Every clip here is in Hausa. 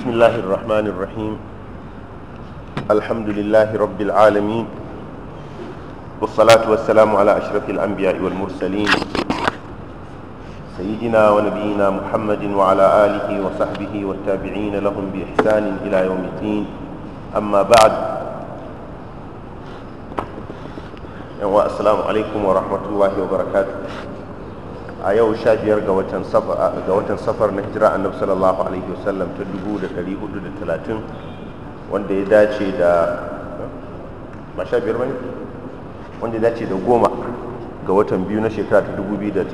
بسم الله الرحمن الرحيم الحمد لله رب العالمين والصلاة والسلام على أشرف الأنبياء والمرسلين سيدنا ونبينا محمد وعلى آله وصحبه والتابعين لهم بإحسان إلى يوم الدين أما بعد السلام عليكم ورحمة الله وبركاته a yau sha biyar ga watan safar na hijira annabi sallallahu alaihi wasallam ta dubu da da hudu talatin wanda ya dace da ba sha 15 bane wanda ya dace da goma ga watan biyu na shekara ta dubu biyu da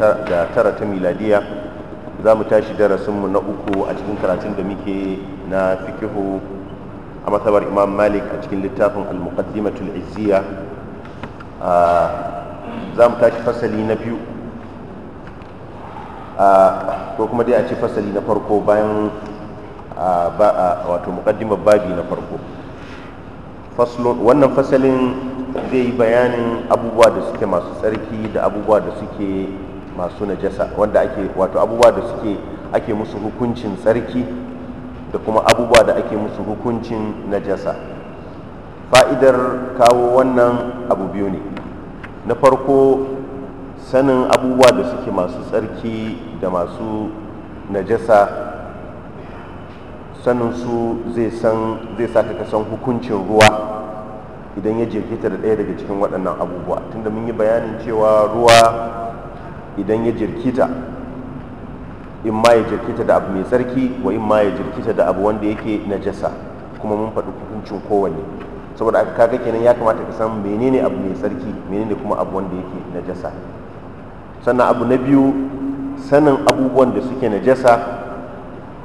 tara ta miladiya za mu tashi darasinmu na uku a cikin karatun da muke na fikihu a matsabar imam malik a cikin littafin al-muqaddimatul izziya za mu tashi fasali na biyu ko kuma dai a ce fasali na farko bayan wato muƙaddimar babi na farko wannan fasalin zai yi bayanin abubuwa da suke masu tsarki da abubuwa da suke masu najasa wanda ake wato abubuwa da suke ake musu hukuncin tsarki da kuma abubuwa da ake musu hukuncin najasa fa'idar kawo wannan abu biyu ne na farko sanin abubuwa da suke masu tsarki da masu najasa sanin su zai sa ka san hukuncin ruwa idan ya jirkita da ɗaya daga cikin waɗannan abubuwa tunda mun yi bayanin cewa ruwa idan ya jirkita in ma ya jirkita da abu mai tsarki wa in ma ya jirkita da abu wanda yake najasa kuma mun faɗi hukuncin kowanne saboda aka kaga kenan ya kamata ka san menene abu mai tsarki menene kuma abu wanda yake najasa sannan abu na biyu sanin abubuwan da suke na jasa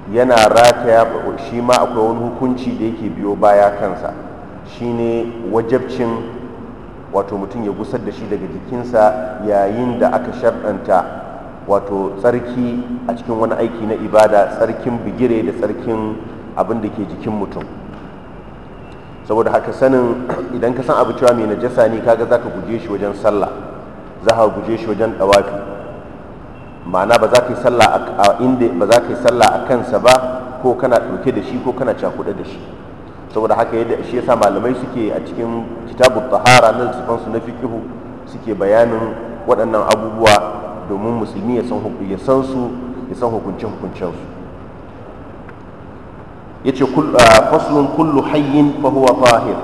yana rataya shi ma akwai wani hukunci da yake biyo baya kansa shine wajabcin wato mutum ya gusar da shi daga jikinsa yayin da aka sharɗanta wato tsarki a cikin wani aiki na ibada tsarkin bigire da tsarkin abin da ke jikin mutum saboda haka sanin idan ka san abu cewa mai najasa ne kaga zaka guje shi wajen sallah za ka guje shi wajen ɗawafi ma'ana ba za ka yi sallah a inda ba za ka yi sallah a kansa ba ko kana ɗauke da shi ko kana cakuɗe da shi saboda haka yadda shi yasa malamai suke a cikin kitabun tahara na littafansu na fiqihu suke bayanin waɗannan abubuwa domin musulmi ya san ya san su ya san hukunce hukuncen su yace faslun kullu hayyin fa huwa tahir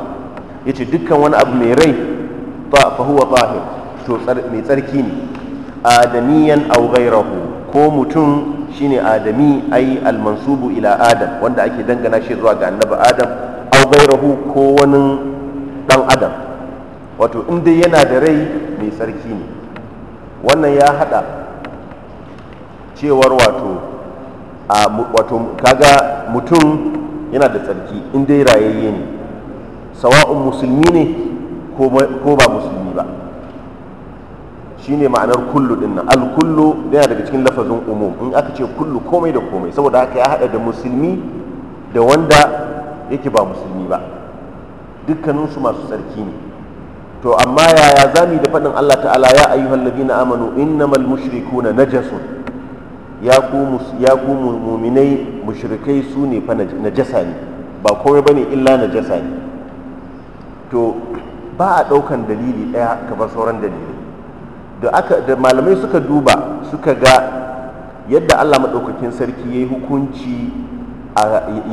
yace dukkan wani abu mai rai fa huwa tahir to mai tsarki ne adamiyan aw rahu ko mutum shine adami ai almansubu ila adam wanda ake dangana shi zuwa ga annabi adam aw ko wani dan adam wato in yana da rai mai tsarki ne wannan ya hada cewar wato a wato kaga mutum yana da tsarki in dai rayayye ne sawa'un musulmi ne ko ba musulmi ba shine ma'anar kullu din nan al kullu yana daga cikin lafazin umum in aka ce kullu komai da komai saboda haka ya hada da musulmi da wanda yake ba musulmi ba dukkaninsu masu tsarki ne to amma yaya zami da faɗin Allah ta'ala ya ayyuhal ladina amanu innamal mushrikuna najasun ya ku ya ku mu'minai mushrikai su ne fa najasa ne ba komai bane illa najasa ne to ba a ɗaukan dalili ɗaya bar sauran dalili. da aka da malamai suka duba suka ga yadda Allah madaukakin sarki yayi hukunci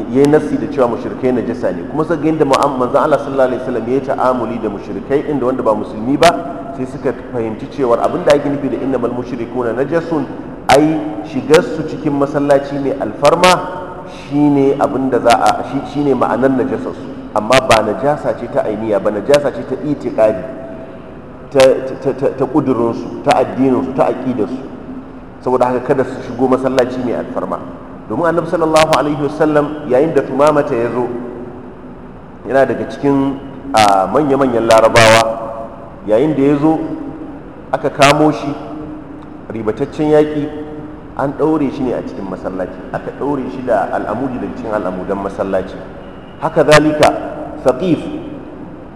yayi nasi da cewa mushrikai najasa ne kuma sai ga yadda manzon Allah sallallahu alaihi wasallam yayi ta'amuli da mushrikai inda wanda ba musulmi ba sai suka fahimci cewa abin da ake nufi da innamal mushrikuna najasun ai shigar su cikin masallaci ne alfarma shine abin da za a shine ma'anar najasarsu amma ba najasa ce ta ainiya ba najasa ce ta itiqadi ta ƙudurinsu ta addininsu ta aƙidarsu saboda haka kada su shigo masallaci mai alfarma domin annabi sallallahu alaihi wasallam yayin da tumamata ya zo yana daga cikin manya-manyan larabawa yayin da ya zo aka kamo shi ribataccen yaƙi an ɗaure shi ne a cikin masallaci aka ɗaure shi da al'amudi da cikin al'amudan masallaci haka zalika saqif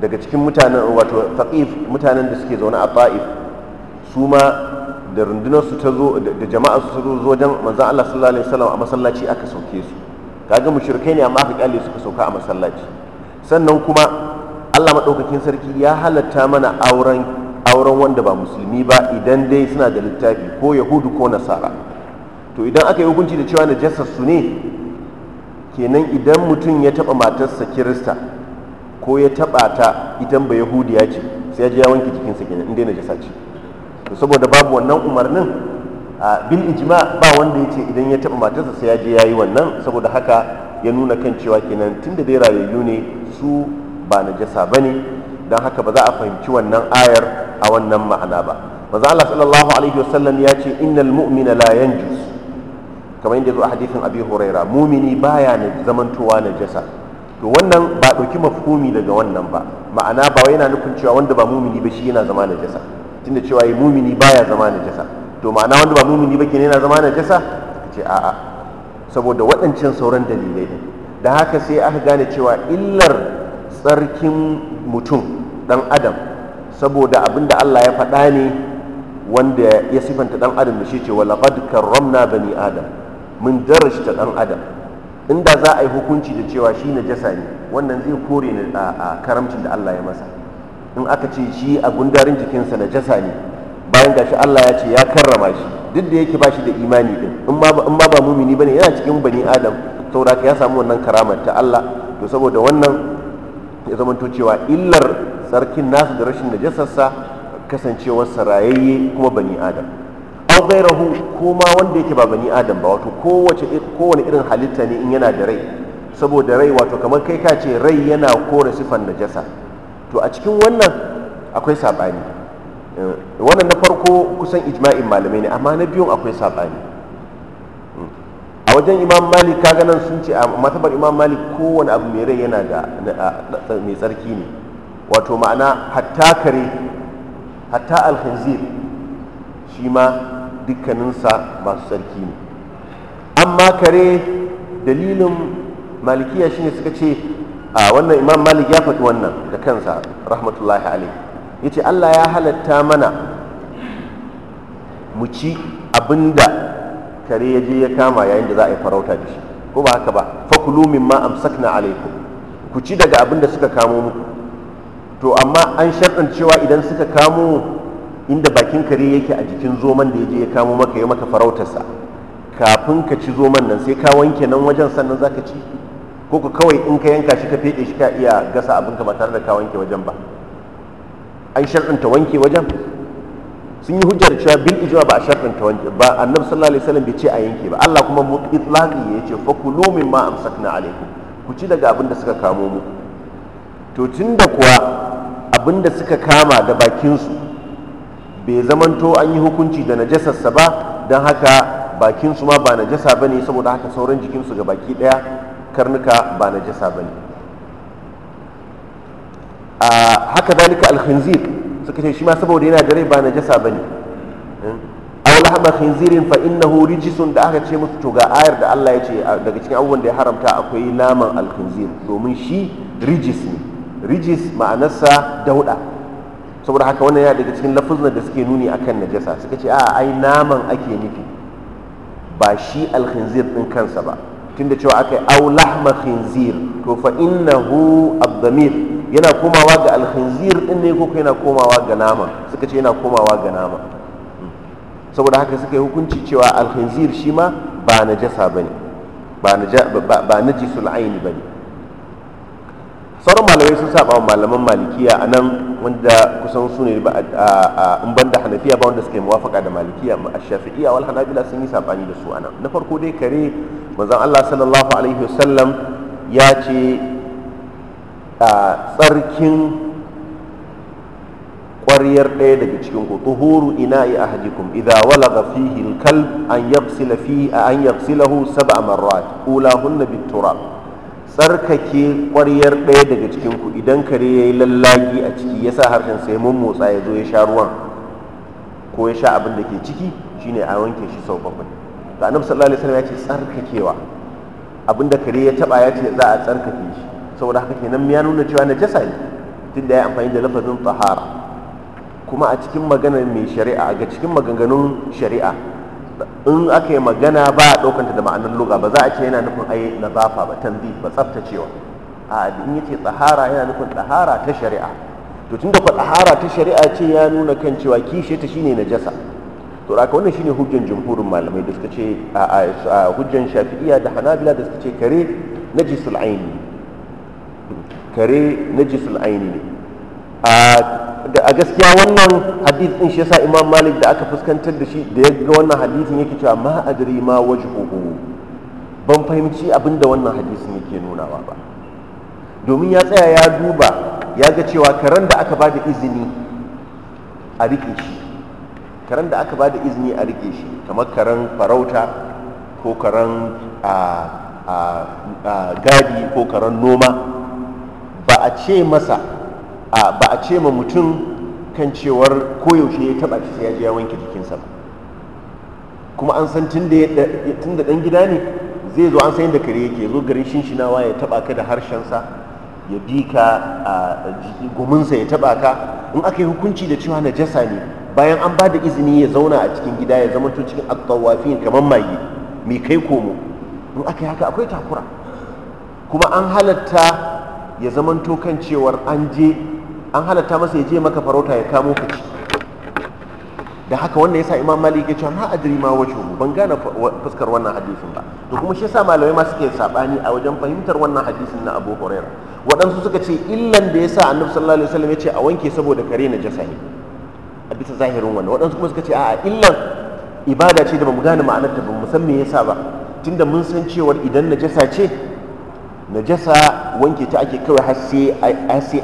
daga cikin mutanen wato taqif mutanen da suke zaune a ta'if su ma da rundunar ta zo da jama'a su ta zo wajen manzon Allah sallallahu alaihi wasallam a masallaci aka sauke su kaga mushrikai ne amma aka kyale suka sauka a masallaci sannan kuma Allah madaukakin sarki ya halatta mana auren auren wanda ba musulmi ba idan dai suna da littafi ko yahudu ko nasara to idan aka yi hukunci da cewa najasar su ne kenan idan mutum ya taɓa matarsa kirista ko ya taɓa ta idan ba ya ce sai ya je ya wanke jikinsa kenan in dai jasa ce to saboda babu wannan umarnin a bil ijma ba wanda ya ce idan ya taba matarsa sai ya je ya yi wannan saboda haka ya nuna kan cewa kenan tun da dai rayayyu ne su ba na jasa ba ne don haka ba za a fahimci wannan ayar a wannan ma'ana ba manzo Allah sallallahu alaihi wasallam ya ce innal mu'mina la yanjus kamar yadda zo a hadisin abi huraira mumini baya ne zamantowa na jasa. to wannan ba ɗauki mafhumi daga wannan ba ma'ana ba wai yana nufin cewa wanda ba mumini ba shi yana zama jasa tunda cewa yi mumini ya zama jasa to ma'ana wanda ba mumini ba kenan yana zama najasa ce a'a saboda waɗancan sauran dalilai ne da haka sai aka gane cewa illar tsarkin mutum dan adam saboda abin da Allah ya faɗa ne wanda ya sifanta ɗan adam da shi ce wa laqad karramna bani adam mun darashta ɗan adam inda za a yi hukunci da cewa shi na jasa ne wannan zai kore a karamcin da Allah ya masa in aka ce shi a gundarin jikinsa jasa ne bayan gashi Allah ya ce ya karrama shi duk da yake ba shi da imani din in ma ba mumini bane yana cikin bani adam saboda ya samu wannan karamar ta Allah to saboda wannan ya zama to cewa illar sarkin nasu da rashin najasarsa kasancewar sarayayye kuma bani adam aw ghayrahu ko ma wanda yake ba bani adam ba wato kowace kowane irin halitta ne in yana da rai saboda rai wato kamar kai ka ce rai yana kore sifan najasa to a cikin wannan akwai sabani eh, wannan na farko kusan ijma'in malamai ne amma na biyun akwai sabani hmm. a wajen imam malik kaga nan sun ce a matabar imam malik kowane abu mai rai yana da mai tsarki ne wato ma'ana hatta kare hatta alhinzir shi ma dukkaninsa masu sarki ne amma kare dalilin malikiya shine suka ce a wannan imam malik ya faɗi wannan da kansa rahmatullahi alaihi ya ce allah ya halatta mana mu ci abinda kare ya je ya kama yayin da za a yi farauta da shi ko ba haka ba fakulu min ma amsakna alaikum ku ci daga abinda suka kamo muku to amma an shaɗin cewa idan suka kamo inda bakin kare yake a jikin zoman da ya je ya kamo maka ya maka farautarsa kafin ka ci zoman nan sai ka wanke nan wajen sannan za ka ci ko ka kawai in ka yanka shi ka feɗe shi ka iya gasa abinka ba tare da ka wanke wajen ba an sharɗanta wanke wajen sun yi hujjar cewa bil ijma ba a sharɗanta wanke ba annabi sallallahu alaihi wasallam bai ce a yanke ba Allah kuma mutlaqi ya ce fa kulu mimma amsakna alaikum ku ci daga abin da suka kamo muku to tunda kuwa abin da suka kama da bakin su bai zamanto an yi hukunci da najasarsa ba don haka bakinsu ma ba najasa ba ne saboda haka sauran jikinsu ga baki daya karnuka ba najasa ba ne haka dalika alkhinzir suka ce shi ma saboda yana da rai ba najasa ba ne lahama khinzirin fa innahu rijisun da aka ce musu to ga ayar da Allah ya ce daga cikin abubuwan da ya haramta akwai naman alkhinzir domin shi rijis ne rijis ma'anarsa dauɗa. saboda haka wannan yana daga cikin lafuzan da suke nuni akan najasa suka ce a ai naman ake nufi ba shi alkhinzir din kansa ba tunda cewa aka yi au lahma khinzir to fa innahu abdamir yana komawa ga alkhinzir din ne ko yana komawa ga nama suka ce yana komawa ga nama saboda haka suka yi hukunci cewa alkhinzir shi ma ba najasa bane ba najisul aini bane sauran malamai sun saba wa malaman malikiya a nan wanda kusan su ne in ban da hanafiya ba wanda suka yi muwafaka da malikiya a shafi'iya wal hanabila sun yi sabani da su a nan na farko dai kare mazan Allah sallallahu alaihi wasallam ya ce tsarkin ƙwaryar ɗaya daga cikin ku tuhuru ina yi ahadikum idza wala ga fihin kalb an yabsila fihi an yabsilahu sab'a marrat ulahunna tsarkake kwaryar ɗaya daga cikin ku idan kare ya yi lallagi a ciki ya sa harshen sai mun motsa ya zo ya sha ruwan ko ya sha abin da ke ciki shine a wanke shi sau bakwai ga annabi sallallahu alaihi wasallam ya ce tsarkakewa abin da kare ya taba ya ce za a tsarkake shi saboda haka kenan ya nuna cewa na jasa ne tunda ya amfani da lafazin tahara kuma a cikin maganar mai shari'a ga cikin maganganun shari'a in aka yi magana ba a ɗaukanta da ma'anar luga ba za a ce yana nufin na zafa ba tanzi ba tsaftacewa a in yace tsahara yana nufin tsahara ta shari'a to tunda fa tsahara ta shari'a ce ya nuna kan cewa kishe ta shine najasa to haka wannan shine hujjan jumhurin malamai da suka ce a hujjan shafi'iyya da hanabila da suka ce kare najisul aini kare najisul aini ne da a gaskiya wannan hadith din shi yasa imam malik da aka fuskantar da shi da ya ga wannan hadithin yake cewa ma adri ma wajhuhu ban fahimci abin da wannan hadisin yake nunawa ba domin ya tsaya ya duba ya ga cewa karen da aka bada izini a rike shi karen da aka bada izini a rike shi kamar karen farauta ko karen gadi ko karen noma ba a ce masa ba a ce ma mutum kan cewar koyaushe ya taba shi ya je wanke jikinsa ba kuma an san tun da dan gida ne zai zo an san yadda kare yake zo garin shinshinawa ya taba ka da harshensa ya bi ka a gominsa ya taba ka in aka yi hukunci da cewa najasa ne bayan an ba da izini ya zauna a cikin gida ya zama to cikin attawafin kamar mai mai kai komo in aka yi haka akwai takura kuma an halatta ya zamanto kan cewar an je an halatta masa ya je maka farauta ya kamo ka ci da haka wannan yasa imam malik ya ce ma adri ma mu ban gane fuskar wannan hadisin ba to kuma shi yasa malamai ma suke sabani a wajen fahimtar wannan hadisin na abu huraira waɗansu suka ce illan da yasa annabi sallallahu alaihi wasallam ya ce a wanke saboda kare na jasa ne a bisa zahirin wannan waɗansu kuma suka ce a'a illan ibada ce da bamu gane ma'anarta ba mu san me yasa ba tunda mun san cewar idan najasa ce najasa wanke ta ake kawai har sai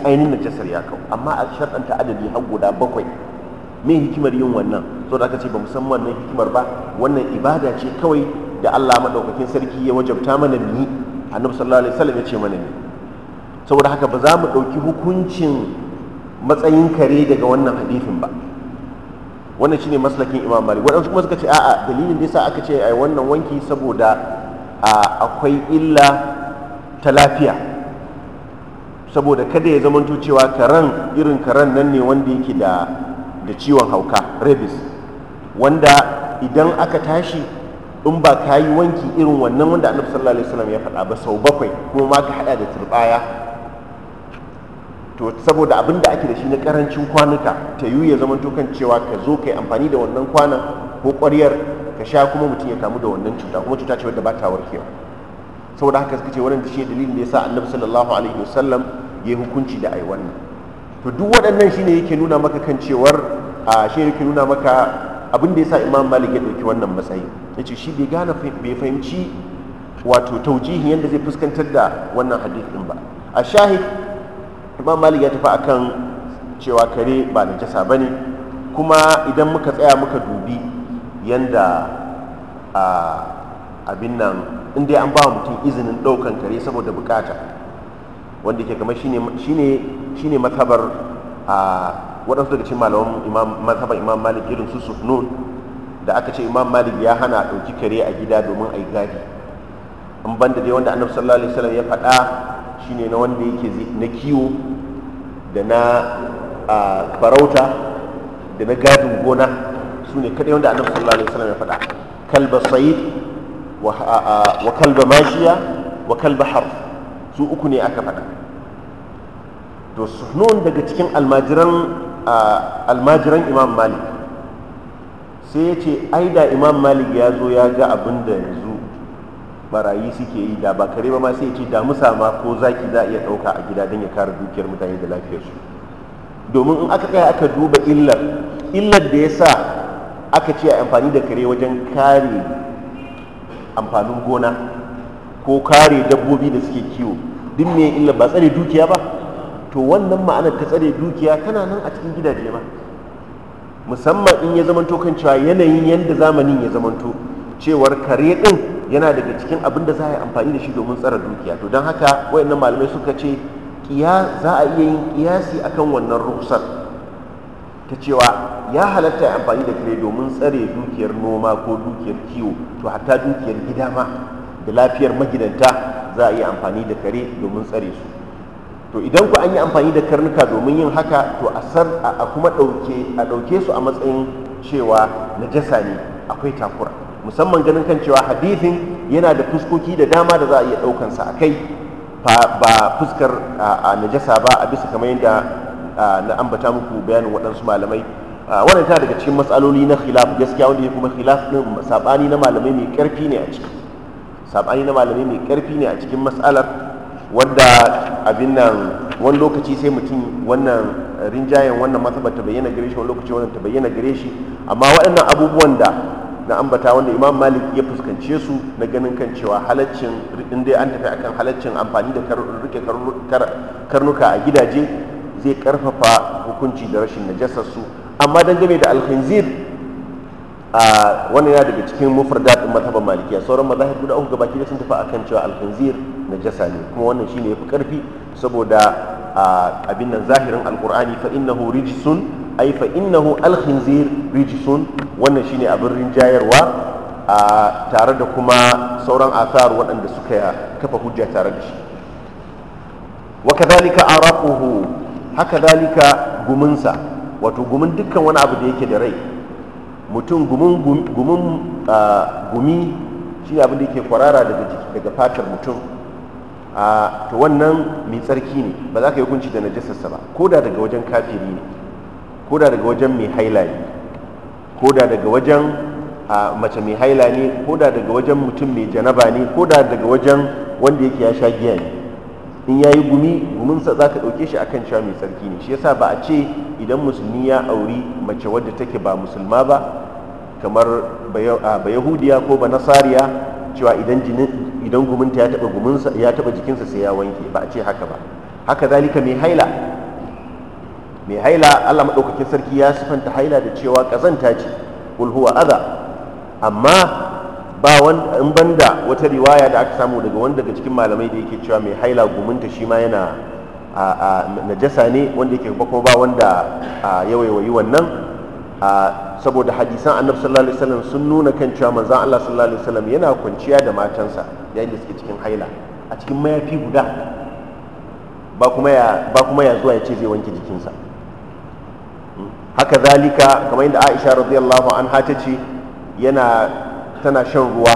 ainihin najasar ya kawo amma a shaɗanta adadi har guda bakwai me hikimar yin wannan so da aka ce ba musamman wannan hikimar ba wannan ibada ce kawai da Allah maɗaukakin sarki ya wajabta mana ni annabi sallallahu alaihi wasallam ya ce mana ni saboda haka ba za mu ɗauki hukuncin matsayin kare daga wannan hadisin ba wannan shine maslakin imamari, waɗansu kuma suka ce a'a dalilin da yasa aka ce ai wannan wanki saboda akwai illa ta lafiya saboda kada ya zamanto cewa karan irin karan nan ne wanda yake da da ciwon hauka rabies wanda idan aka tashi in ba ka yi wanki irin wannan wanda annabi sallallahu alaihi wasallam ya faɗa ba sau bakwai kuma ma ka haɗa da turbaya to saboda abin da ake da shi na karancin kwanuka ta yi ya zama kan cewa ka zo ka yi amfani da wannan kwanan ko ƙwaryar ka sha kuma mutum ya kamu da wannan cuta kuma cuta ce wadda ba ta warkewa saboda haka suka ce wannan da shi dalilin da sa annabi sallallahu alaihi wasallam ya yi hukunci da ai wannan to duk waɗannan shine yake nuna maka kan cewar a shi yake nuna maka abin da ya sa imam malik ya ɗauki wannan matsayi ce shi bai gane bai fahimci wato taujihin yadda zai fuskantar da wannan hadith din ba a shahi imam malik ya tafi akan cewa kare ba ba bane kuma idan muka tsaya muka dubi yanda a abin nan in dai an ba mutum izinin ɗaukan kare saboda bukata wanda ke kamar shine matabar a waɗansu daga cikin malawan matabar imam malik irin su sufnun da aka ce imam malik ya hana ɗauki kare a gida domin a yi gadi in banda dai wanda annabi sallallahu alaihi wasallam ya faɗa shine na wanda yake na kiwo da na farauta da na gadin gona su ne kaɗai wanda annabi sallallahu alaihi wasallam ya faɗa kalba sayid wa kalba mashiya wa kalba har su uku ne aka faɗa to suhnun daga cikin almajiran almajiran imam malik sai ya ce ai da imam malik ya zo ya ga abin da yanzu barayi suke yi da ba kare ba ma sai ya ce damusa ma ko zaki za a iya ɗauka a gida don ya kare dukiyar mutane da lafiyarsu domin in aka kai aka duba illar illar da ya sa aka ce a amfani da kare wajen kare amfanin gona ko kare dabbobi da suke kiwo duk me illa ba tsare dukiya ba to wannan ma'anar ta tsare dukiya tana nan a cikin gidaje ma musamman in ya zamanto kan cewa yanayin yadda zamanin ya zamanto cewar kare din yana daga cikin abin da za a yi amfani da shi domin tsara dukiya to don haka wayannan malamai suka ce za a iya yin kiyasi akan wannan rukusar ta cewa ya halatta amfani da kare domin tsare dukiyar noma ko dukiyar kiwo to hatta dukiyar gida ma da lafiyar magidanta za a yi amfani da kare domin tsare su to idan ku an yi amfani da karnuka domin yin haka to a san a kuma ɗauke ɗauke su a matsayin cewa najasa ne akwai takura musamman ganin kan cewa hadithin yana da fuskoki da dama da za a iya ɗaukansa a kai ba fuskar a najasa ba a bisa kamar yadda na ambata muku bayanin waɗansu malamai wannan ta daga cikin matsaloli na khilaf gaskiya wanda ya kuma khilaf din sabani na malamai mai karfi ne a ciki sabani na malamai mai karfi ne a cikin matsalar wanda abin nan wani lokaci sai mutum wannan rinjayen wannan mazhabar ta bayyana gare shi wani lokaci wannan ta bayyana gare shi amma waɗannan abubuwan da na ambata wanda imam malik ya fuskance su na ganin kan cewa halaccin in dai an tafi akan halaccin amfani da rike karnuka a gidaje zai karfafa hukunci da rashin najasarsu amma don game da alhinzir a wani yana daga cikin mufradat din mazhaban malikiya sauran mazahib guda uku gabaki da sun tafi kan cewa alhinzir najasa ne kuma wannan shine yafi karfi saboda abin nan zahirin alkur'ani fa innahu rijsun ay fa innahu alkhinzir rijsun wannan shine abin rinjayarwa a tare da kuma sauran athar waɗanda suka kafa hujja tare da shi wa kadhalika haka dalika guminsa wato gumin dukkan wani abu da yake da rai mutum gumin ah, gumi shi abin da yake kwarara daga fatar mutum a ah, to wannan mai tsarki ne ba za ka yi hukunci da najasarsa ba ko da daga wajen kafiri ne ko da daga wajen mai haila ne ko da daga wajen ah, mace mai haila ne ko da daga wajen mutum mai janaba ne ko da daga wajen wanda yake ya sha giya ne in yayi gumi guminsa za ka ɗauke shi akan cewa mai sarki ne shi yasa ba a ce idan musulmi ya auri mace wadda take ba musulma ba kamar ba yahudiya ko ba nasariya cewa idan idan guminta ya taɓa guminsa ya taɓa jikinsa sai ya wanke ba a ce haka ba haka zalika mai haila mai haila Allah maɗaukakin sarki ya sifanta haila da cewa ƙazanta ce kul huwa adha amma ba wanda in banda wata riwaya da aka samu daga wanda daga cikin malamai da yake cewa mai haila gumunta shi ma yana najasa ne wanda yake kuma ba wanda ya waiwayi wannan saboda hadisan annabi sallallahu alaihi wasallam sun nuna kan cewa manzon Allah sallallahu alaihi wasallam yana kwanciya da matansa yayin da suke cikin haila a cikin mayafi guda ba kuma ya ba kuma ya zuwa ya ce zai wanke jikinsa hmm? haka zalika kamar yadda Aisha radiyallahu anha ta ce yana tana shan ruwa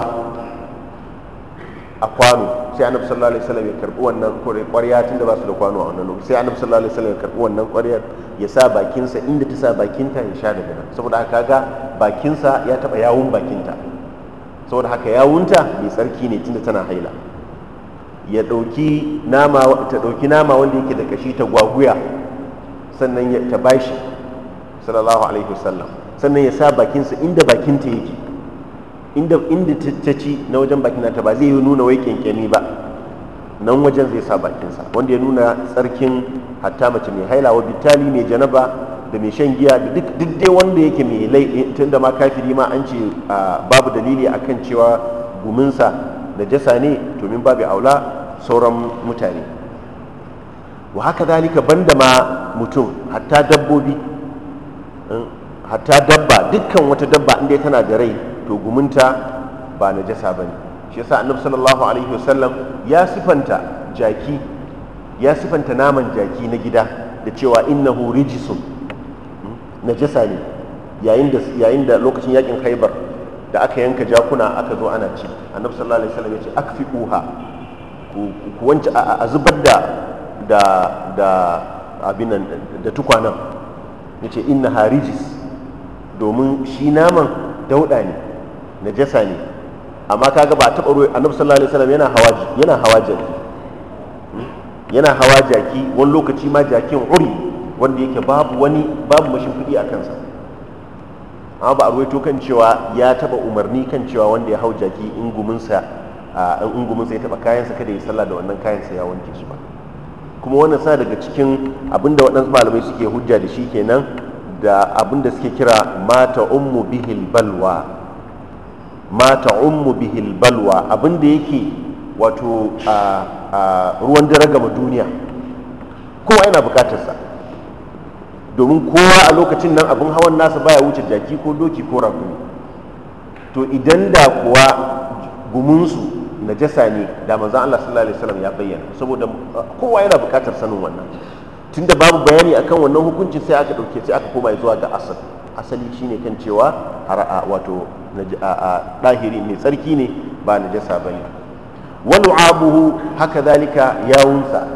a kwano sai annabi sallallahu alaihi wasallam ya karbi wannan kwarya tunda ba su da kwano a wannan lokaci sai annabi sallallahu alaihi wasallam ya karbi wannan kwaryar ya sa bakinsa inda ta sa bakinta ya sha daga nan saboda haka ga bakinsa ya taba yawun bakinta saboda haka yawunta mai tsarki ne tunda tana haila ya dauki nama ta dauki nama wanda yake da kashi ta gwaguya sannan ta bashi sallallahu alaihi wasallam sannan ya sa bakinsa inda bakinta yake inda inda tattaci na wajen bakin nata ba zai nuna wai kyankyani ba nan wajen zai sa bakinsa wanda ya nuna tsarkin hatta mace mai haila wa bitali mai janaba da mai shan giya da duk dai wanda yake mai lai tunda ma kafiri ma an ce babu dalili akan cewa guminsa jasa ne to min babu aula sauran mutane wa haka zalika banda ma mutum hatta dabbobi eh, hatta dabba dukkan wata dabba inda tana da rai to gumunta ba najasa ne shi yasa annabi sallallahu alaihi wasallam ya sifanta jaki ya sifanta naman jaki na gida da cewa innahu rijisun hmm, najasa ne yayin da yayin da lokacin yakin haibar da aka yanka jakuna aka zo ana ci annabi sallallahu alaihi wasallam ya ce uha ku wanci a zubar da da da abin da tukwanan ya ce inna harijis domin shi naman dauda ne najasa ne amma kaga ba taɓa ruwa annabi sallallahu alaihi wasallam yana hawa yana hawa jaki hmm? yana hawa jaki wani lokaci ma jakin uri wanda yake babu wani babu mashin kuɗi a kansa amma ba a ruwaito kan cewa ya taɓa umarni kan cewa wanda ya hau jaki inguminsa a ya taɓa kayansa kada ya sallah da wannan kayansa ya wanke su ba kuma wannan sa daga cikin abin da waɗansu malamai suke hujja da shi kenan da abin da suke kira mata ummu bihil balwa ma ta'ummu bihil balwa abinda yake wato ruwan dare gama duniya kowa yana bukatarsa domin kowa a lokacin nan abin hawan nasa baya wuce jaki ko doki ko rakumi to idan da kuwa gumunsu na jasa ne da manzan Allah sallallahu alaihi wasallam ya bayyana saboda kowa yana bukatar sanin wannan tunda babu bayani akan wannan hukuncin sai aka dauke sai aka koma zuwa ga asali asali shi ne kan cewa wato ɗahiri mai tsarki ne ba najasa ba ne wani abuhu haka zalika yawunsa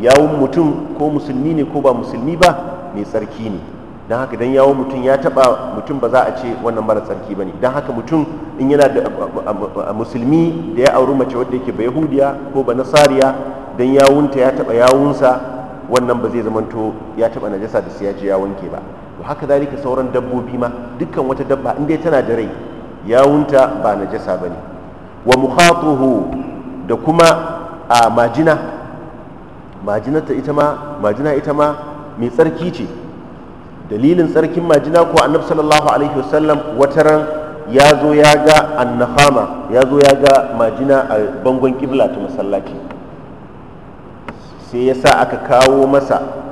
yawun mutum ko musulmi ne ko ba musulmi ba mai tsarki ne don haka don yawon mutum ya taba mutum ba za a ce wannan mara tsarki ba ne don haka mutum in yana da musulmi da ya auri mace wadda yake bai hudiya ko ba nasariya don yawunta ya taba yawunsa wannan ba zai zamanto ya taba najasa da sai ya ya wanke ba haka zalika sauran dabbobi ma dukkan wata dabba in tana da rai yawunta ba na najasa bane wa mukhatuhu da kuma a majina majinata ita ma majina ita ma mai tsarki ce dalilin tsarkin majina ko annabi sallallahu alaihi wasallam wataran ya zo ya ga annahama ya zo ya ga majina a bangon kibla ta masallaci sai ya sa aka kawo masa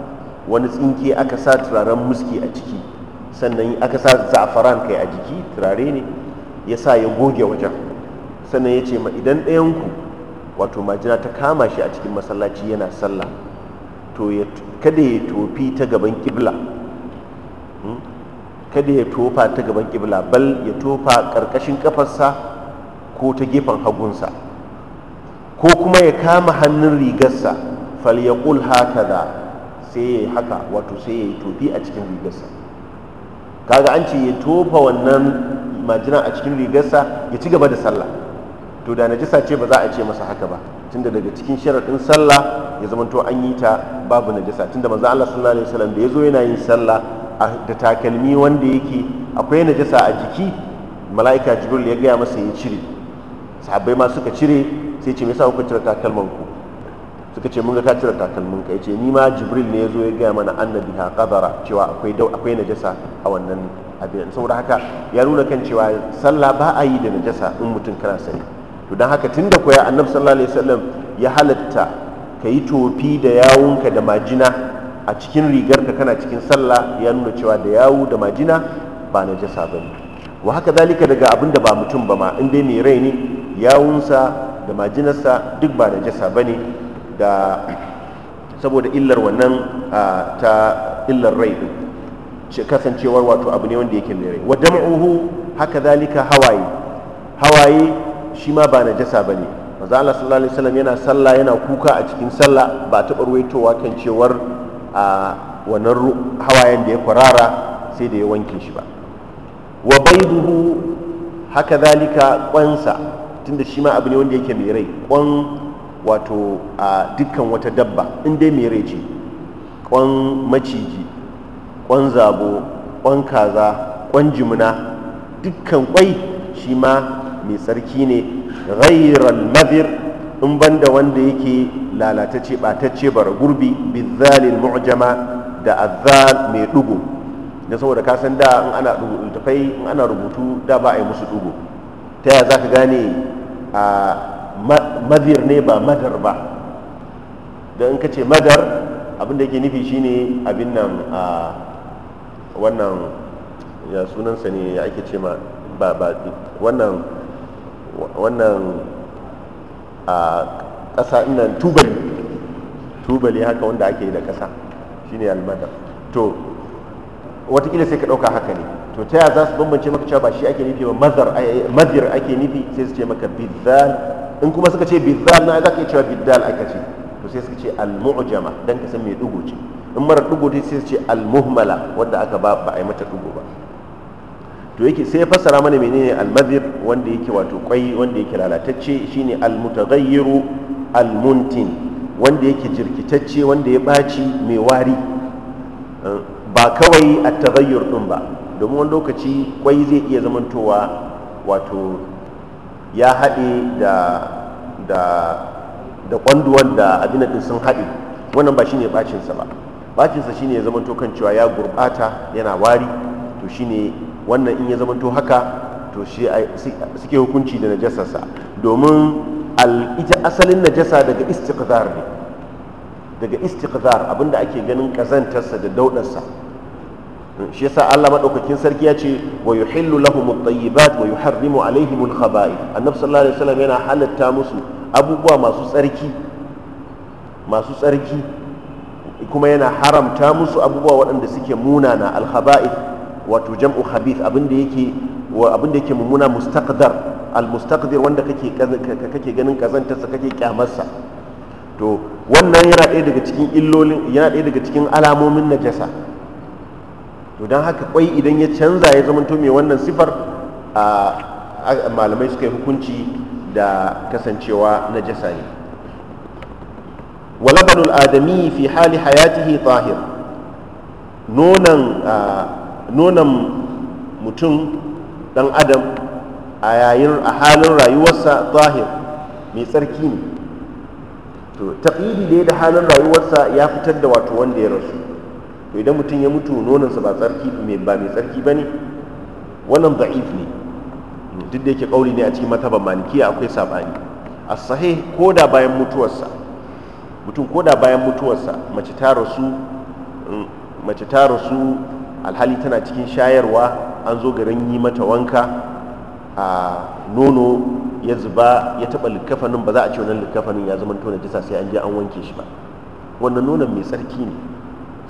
wani tsinke aka sa turaren muski a ciki sannan aka sa za'afaran kai a jiki turare ne ya sa ya goge wajen sannan ya ce ma idan ɗayanku wato majina ta kama shi a cikin masallaci yana sallah to kada ya tofi ta gaban kibla hmm? kada ya tofa ta gaban kibla bal ya tofa ƙarƙashin ƙafarsa ko ta gefen hagunsa ko kuma ya kama hannun rigarsa fal ya haka hakaza sai ya yi haka wato sai ya yi tofi a cikin rigarsa kaga an ce ya tofa wannan majina a cikin rigarsa ya ci gaba da sallah to da najisa ce ba za a ce masa haka ba tunda daga cikin sharaɗin sallah ya zama to an yi ta babu najisa tunda manzo Allah sallallahu alaihi wasallam da yazo yana yin sallah da takalmi wanda yake akwai najisa a jiki mala'ika jibril ya gaya masa ya cire sahabbai ma suka cire sai ce me yasa kuka cire takalman ku suka ce mun ga ka cire takalmin ka yace ni ma jibril ne yazo ya gaya mana annabi ha qadara cewa akwai dau akwai najasa a wannan abin saboda haka ya nuna kan cewa sallah ba a yi da najasa in mutum kana sani to dan haka tunda koya annabi sallallahu alaihi wasallam ya halatta ka yi tofi da yawunka da majina a cikin rigar ka kana cikin sallah ya nuna cewa da yawu da majina ba najasa bane wa haka zalika daga abin da ba mutum ba ma in dai mai rai ne yawunsa da majinarsa duk ba najasa bane da saboda illar wannan ta illar rai din kasancewar wato abu ne wanda yake mai rai wa dam'uhu haka zalika hawaye hawaye shi ma ba najasa ne maza Allah sallallahu alaihi wasallam yana sallah yana kuka a cikin sallah ba ta barwaitowa kan cewar a wannan hawayen da ya kwarara sai da ya wanke shi ba wa baiduhu haka zalika kwansa tunda shi ma abu ne wanda yake mai rai kwan wato a dukkan wata dabba in dai mai rai kwan maciji kwan zabo kwan kaza kwan jimina dukkan kwai shi ma mai tsarki ne ghairal mazir in banda wanda yake lalatacce batacce bar gurbi bizalil mu'jama da azal mai dugo da saboda ka san da in ana rubutu in ana rubutu da ba a yi musu dugo ta yaya za ka gane a madhir ne ba madar ba da in ka ce madar abinda yake nufi shine abin nan a wannan ya sunansa ne ya ake ce ma ba ba wannan wannan a ƙasa nan tubali tubali haka wanda ake yi da ƙasa shine almadar to watakila sai ka ɗauka haka ne to ta yaya za su bambance maka cewa ba shi ake nufi ba madar ake nufi sai su ce maka bizal in kuma suka ce biddal na zaka iya cewa biddal aka ce to sai suka ce al-mu'jama dan ka san me dugo ce in mara dugo ce sai su ce al-muhmala wanda aka ba ba a mata dugo ba to yake sai fassara mana menene al-madhib wanda yake wato kwai wanda yake lalatacce shine al-mutaghayyiru al-muntin wanda yake jirkitacce wanda ya baci mai wari eh, ba kawai a taghayyur ɗin ba domin wani lokaci kwai zai iya zamantowa wato ya haɗe da da da kwanduwan da sun haɗe wannan ba shine bacinsa ba bacinsa shine ya zamanto kan cewa ya gurɓata yana wari to shine wannan in ya zamanto haka to shi suke hukunci da najasarsa domin ita asalin najasa daga istiqdar ne daga abin abinda ake ganin ƙazantarsa da daudarsa shi yasa Allah madaukakin sarki ya ce wa yuhillu lahum at-tayyibat wa yuharrimu alaihim al-khaba'ith annabi sallallahu alaihi wasallam yana halatta musu abubuwa masu tsarki masu tsarki kuma yana haramta musu abubuwa waɗanda suke munana al-khaba'ith wato jam'u khabith abinda yake wa abinda yake mummuna mustaqdar al-mustaqdir wanda kake kake ganin kazantarsa kake kyamarsa to wannan yana ɗaya daga cikin illolin yana ɗaya daga cikin alamomin najasa to don haka kwai idan ya canza ya zamanto mai wannan sifar a malamai suka yi hukunci da kasancewa na jasa ne walabanul adami fi hali hayatihi tahir nonan mutum dan adam a yayin a halin rayuwarsa tahir mai tsarki ne to taƙidi da da halin rayuwarsa ya fitar da wato wanda ya rasu to idan mutum ya mutu nonansa ba tsarki ba mai tsarki ba ne wannan da'if ne duk da yake kauli ne a cikin mataban malikiya akwai sabani a sahe ko da bayan mutuwarsa mutum ko da bayan mutuwarsa mm, mace ta rasu alhali tana cikin shayarwa an zo garin yi mata wanka a nono ya zuba ya taɓa likkafanin ba za a ce wannan likkafanin ya zama tona jisa sai an je an wanke shi ba wannan nonon mai tsarki ne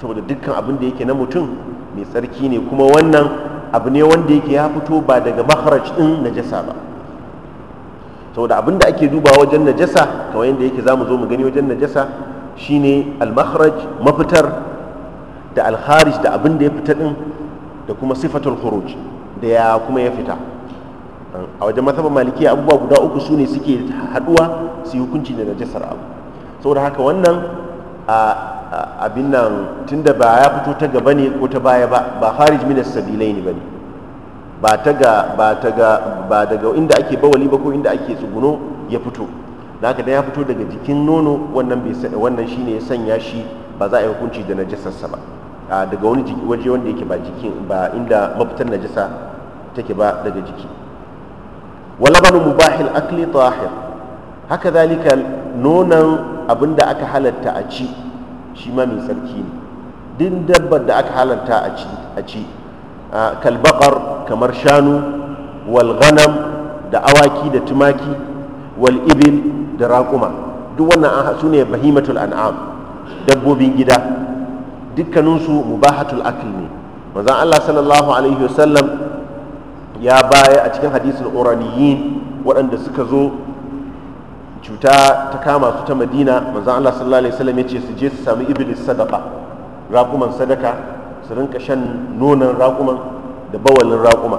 saboda dukkan abin da yake na mutum mai tsarki ne kuma wannan abu ne wanda yake ya fito ba daga maharaj din najasa ba saboda abin da ake duba wajen najasa kawai yadda yake za mu zo mu gani wajen najasa shine al-makharaj mafitar da al-kharij da abin da ya fita din da kuma sifatul khuruj da ya kuma ya fita a wajen mazhabar malikiya abubuwa guda uku su ne suke haduwa su yi hukunci da najasar abu saboda haka wannan a abin nan tunda ba ya fito ta gaba ne ko ta baya ba ba harij minas sabilai ne ba ne ba ta ga ba ta ga ba daga inda ake bawali ba ko inda ake tsuguno ya fito da haka dan ya fito daga jikin nono wannan bai wannan shine ya sanya shi ba za a yi hukunci da najasarsa ba daga wani waje wanda yake ba jikin ba inda mafitar najasa take ba daga jiki wala banu mubahil akli tahir haka zalika nonan abinda aka halatta a ci shi ma mai tsarki ne duk dabbar da aka halarta a ci kalbakar kamar shanu wal ghanam da awaki da tumaki wal ibil da raƙuma duk wannan su ne bahimatul an'am dabbobin gida dukkaninsu mubahatul akil ne manzon Allah sallallahu alaihi wasallam ya baya a cikin hadisul uraniyin waɗanda suka zo cuta ta kama su ta madina manzan allah sallallahu alaihi wasallam ya ce su je su sami iblis sadaka raƙuman sadaka su rinka shan nonon raƙuman da bawalin raƙuma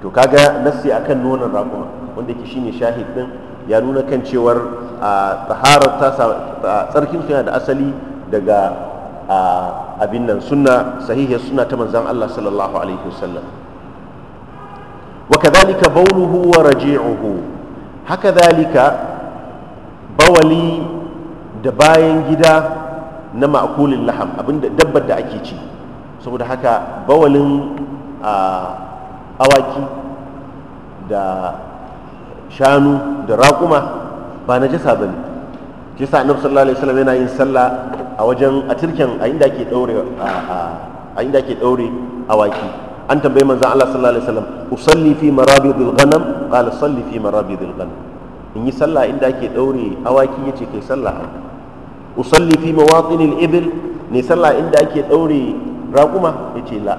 to kaga nassi akan nonon raƙuma wanda yake shine shahid din ya nuna kan cewar a taharar ta tsarkin suna da asali daga abin nan suna sahihiyar suna ta manzan allah sallallahu alaihi wasallam wa kadhalika bawluhu wa raji'uhu haka zalika bawali da bayan gida na ma'akulin laham abinda dabbar da ake ci saboda haka bawalin a awaki da shanu da raƙuma ba na jasa ba ne ke sa sallallahu alaihi wasallam yana yin sallah a wajen a turken a inda ake daure awaki an tambayi manzon Allah sallallahu alaihi wasallam usalli fi marabidil ghanam qala salli fi marabidil ghanam in yi sallah inda ake daure awaki yace kai sallah usalli fi mawatinil ibil ne sallah inda ake daure raƙuma yace la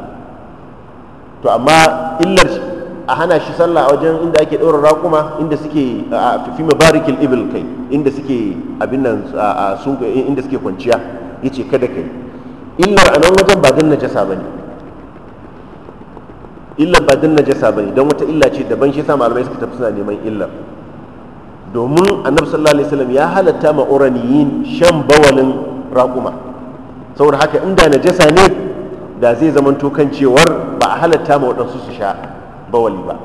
to amma illar a hana shi sallah a wajen inda ake daure raƙuma inda suke fi mabarikil ibil kai inda suke abin nan inda suke kwanciya yace kada kai illar a nan wajen ba dan najasa bane illar ba din najasa bane don wata illa ce daban shi sa malamai suka tafi suna neman illa domin annabi sallallahu alaihi wasallam ya halatta ma uraniyin shan bawalin raƙuma saboda haka inda najasa ne da zai zamanto kan cewar ba a halatta ma waɗansu su sha bawali ba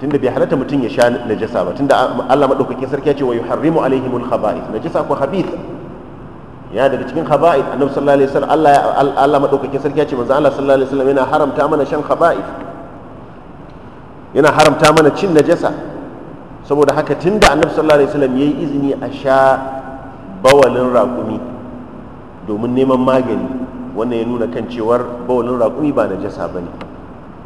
tunda bai halatta mutum ya sha najasa ba tunda Allah madaukakin sarki ya ce wa yuharrimu alaihimul khaba'is najasa ko khabith ya daga cikin haba'id annabi sallallahu alaihi wasallam Allah Allah madaukakin sarki ya ce manzo Allah sallallahu alaihi wasallam yana haramta mana shan haba'id yana haramta mana cin najasa saboda haka tunda annabi sallallahu alaihi wasallam yayi izini a sha bawalin raƙumi domin neman magani wannan ya nuna kan cewar bawalin raƙumi ba najasa bane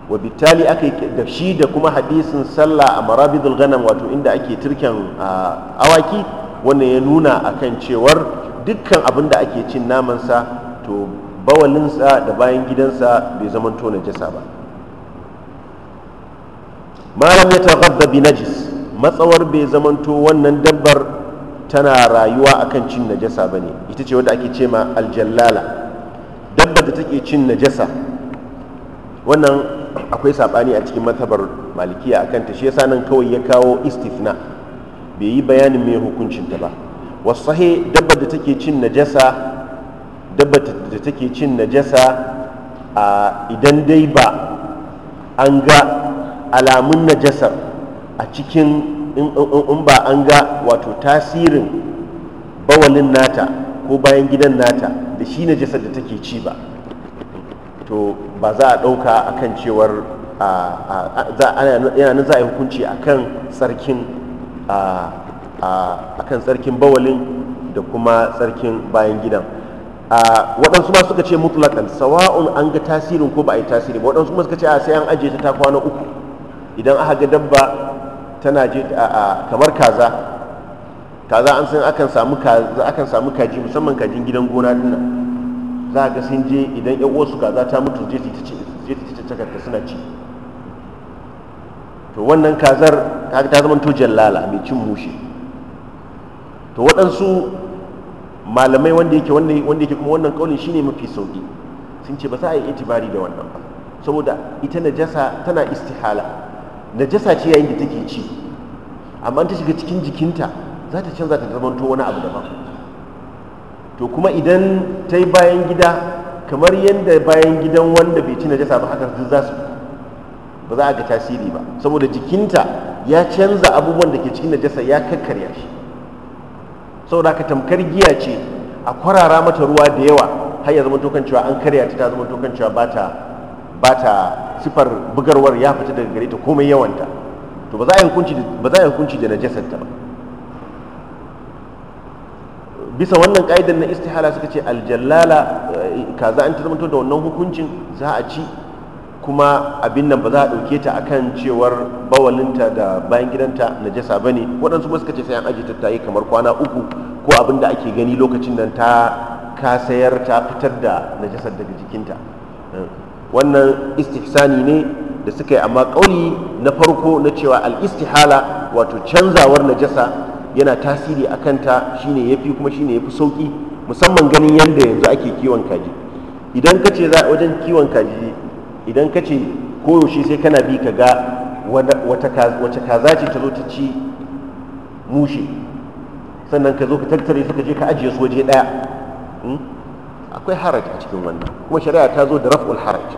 wa bitali aka yi da shi da kuma hadisin sallah a marabidul ghanam wato inda ake turken ah, awaki wannan ya nuna akan cewar dukkan abin da ake cin namansa to bawalinsa da bayan gidansa bai zama to najasa ba malam ya taghadda bi najis matsawar bai zamanto wannan dabbar tana rayuwa akan cin najasa ne ita ce wanda ake ce ma aljallala dabbar da take cin najasa wannan akwai saɓani a cikin matabar malikiya akan ta shi yasa nan kawai ya kawo istifna bai yi bayanin mai hukuncin ta ba wasahe dabbar da take cin najasa dabbar da take cin najasa a idan dai ba an ga alamun najasar a cikin in ba an ga wato tasirin bawalin nata ko bayan gidan nata da shi najasar da take ci ba to ba za a ɗauka a kan cewar yana nan za a yi hukunci a kan tsarkin. a kan tsarkin bawalin da kuma tsarkin bayan gidan waɗansu ma suka ce mutlakan sawa'un an ga tasirin ko ba a yi tasiri ba waɗansu ma suka ce a sai an ajiye ta ta kwana uku idan aka ga dabba tana je kamar kaza kaza an san akan samu kaza akan samu kaji musamman kajin gidan gona dinnan za ka sun je idan ƴan uwarsu kaza ta mutu je ta ce je ta ce suna ci to wannan kazar ta zama to jallala mai cin mushi to waɗansu malamai wanda yake wanda yake kuma wannan kaulin shine mafi sauki sun ce ba za a yi itibari da wannan ba saboda ita najasa tana istihala najasa ce yayin da take ci amma ta shiga cikin jikinta za ta canza ta zamanto wani abu daban to kuma idan ta yi bayan gida kamar yadda bayan gidan wanda bai ci najasa ba haka za su ba za a ga tasiri ba saboda jikinta ya canza abubuwan da ke cikin najasa ya kakkarya shi saboda ka tamkar giya ce a kwarara mata ruwa da yawa har ya zama tokan cewa an karya ta ta zama tokan cewa ba ta sifar bugarwar ya fita daga gare ta komai yawanta to ba za a yi hukunci ba za a da najasar ba bisa wannan ka'idar na istihala suka ce aljallala eh, kaza an ta zama da wannan hukuncin za a ci kuma abin nan ba za a ɗauke ta akan cewar bawalinta da bayan gidanta na jasa ba ne waɗansu ba suka ce sai an ajiye ta yi kamar kwana uku ko abin da ake gani lokacin nan ta kasayar ta fitar da najasar daga jikinta wannan istihsani ne da suka yi amma ƙauli na farko na cewa al-istihala wato canzawar najasa yana tasiri a kanta shine ya fi kuma shine ya fi sauƙi musamman ganin yadda yanzu ake kiwon kaji idan ka ce za wajen kiwon kaji idan ka ce koyaushe sai kana bi ka ga wace kaza ce ta zo ta ci mushe sannan ka zo ka tattare suka je ka ajiye su waje ɗaya hmm? akwai haraj a cikin wannan kuma shari'a ta zo da raf'ul haraj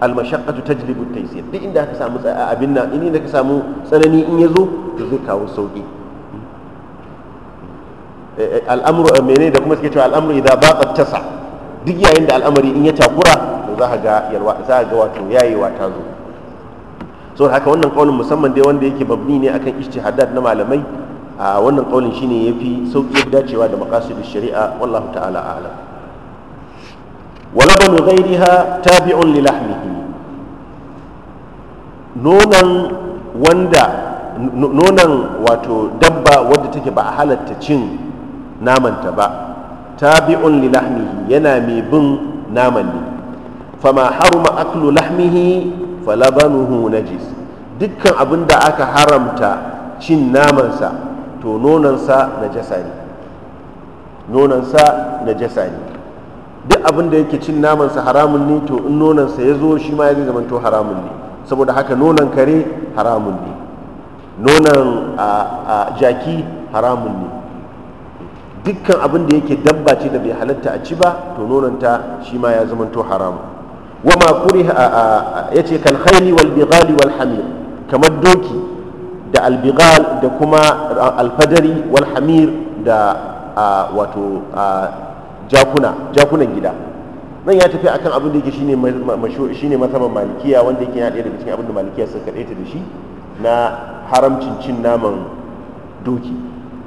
almashaqqatu tajlibu at-taysir duk inda ka samu abin nan in ka samu tsanani in yazo to zai kawo sauki eh, eh, al'amru eh, mene da kuma suke cewa al'amru idza baqa tasa duk yayin da al'amari in ya takura to za a ga yalwa za ka ga wato yayewa ta zo so haka wannan kaulin musamman dai wanda yake babni ne akan ijtihadat na malamai a wannan kaulin shine yafi sauki dacewa da maqasidus shari'a wallahu ta'ala a'lam wa labanu ghayriha tabi'un li lahmihi nonan wanda nonan wato dabba wadda take ba a halatta cin namanta ba tabi'un li lahmihi yana mai bin naman ne fama haruma aklu lahmihi falabanuhu najis dukkan abin da aka haramta cin namansa to nonansa jasa ne nonansa jasa ne duk abin da yake cin namansa haramun ne to in nonansa ya zo shi ma ya zai zamanto haramun ne saboda haka nonan kare haramun ne nonan a jaki haramun ne dukkan abin da yake dabba ce da bai halatta a ci ba to nonanta shi ma ya zamanto haramun wama kuriha yace kal khayli wal bighali wal hamir kamar doki da albighal da kuma alfadari wal hamir da wato jakuna jakunan gida nan ya tafi akan abin da yake shine shine masaban malikiya wanda yake yana daga cikin abin da malikiya suka kade ta da shi na haramcin cin naman doki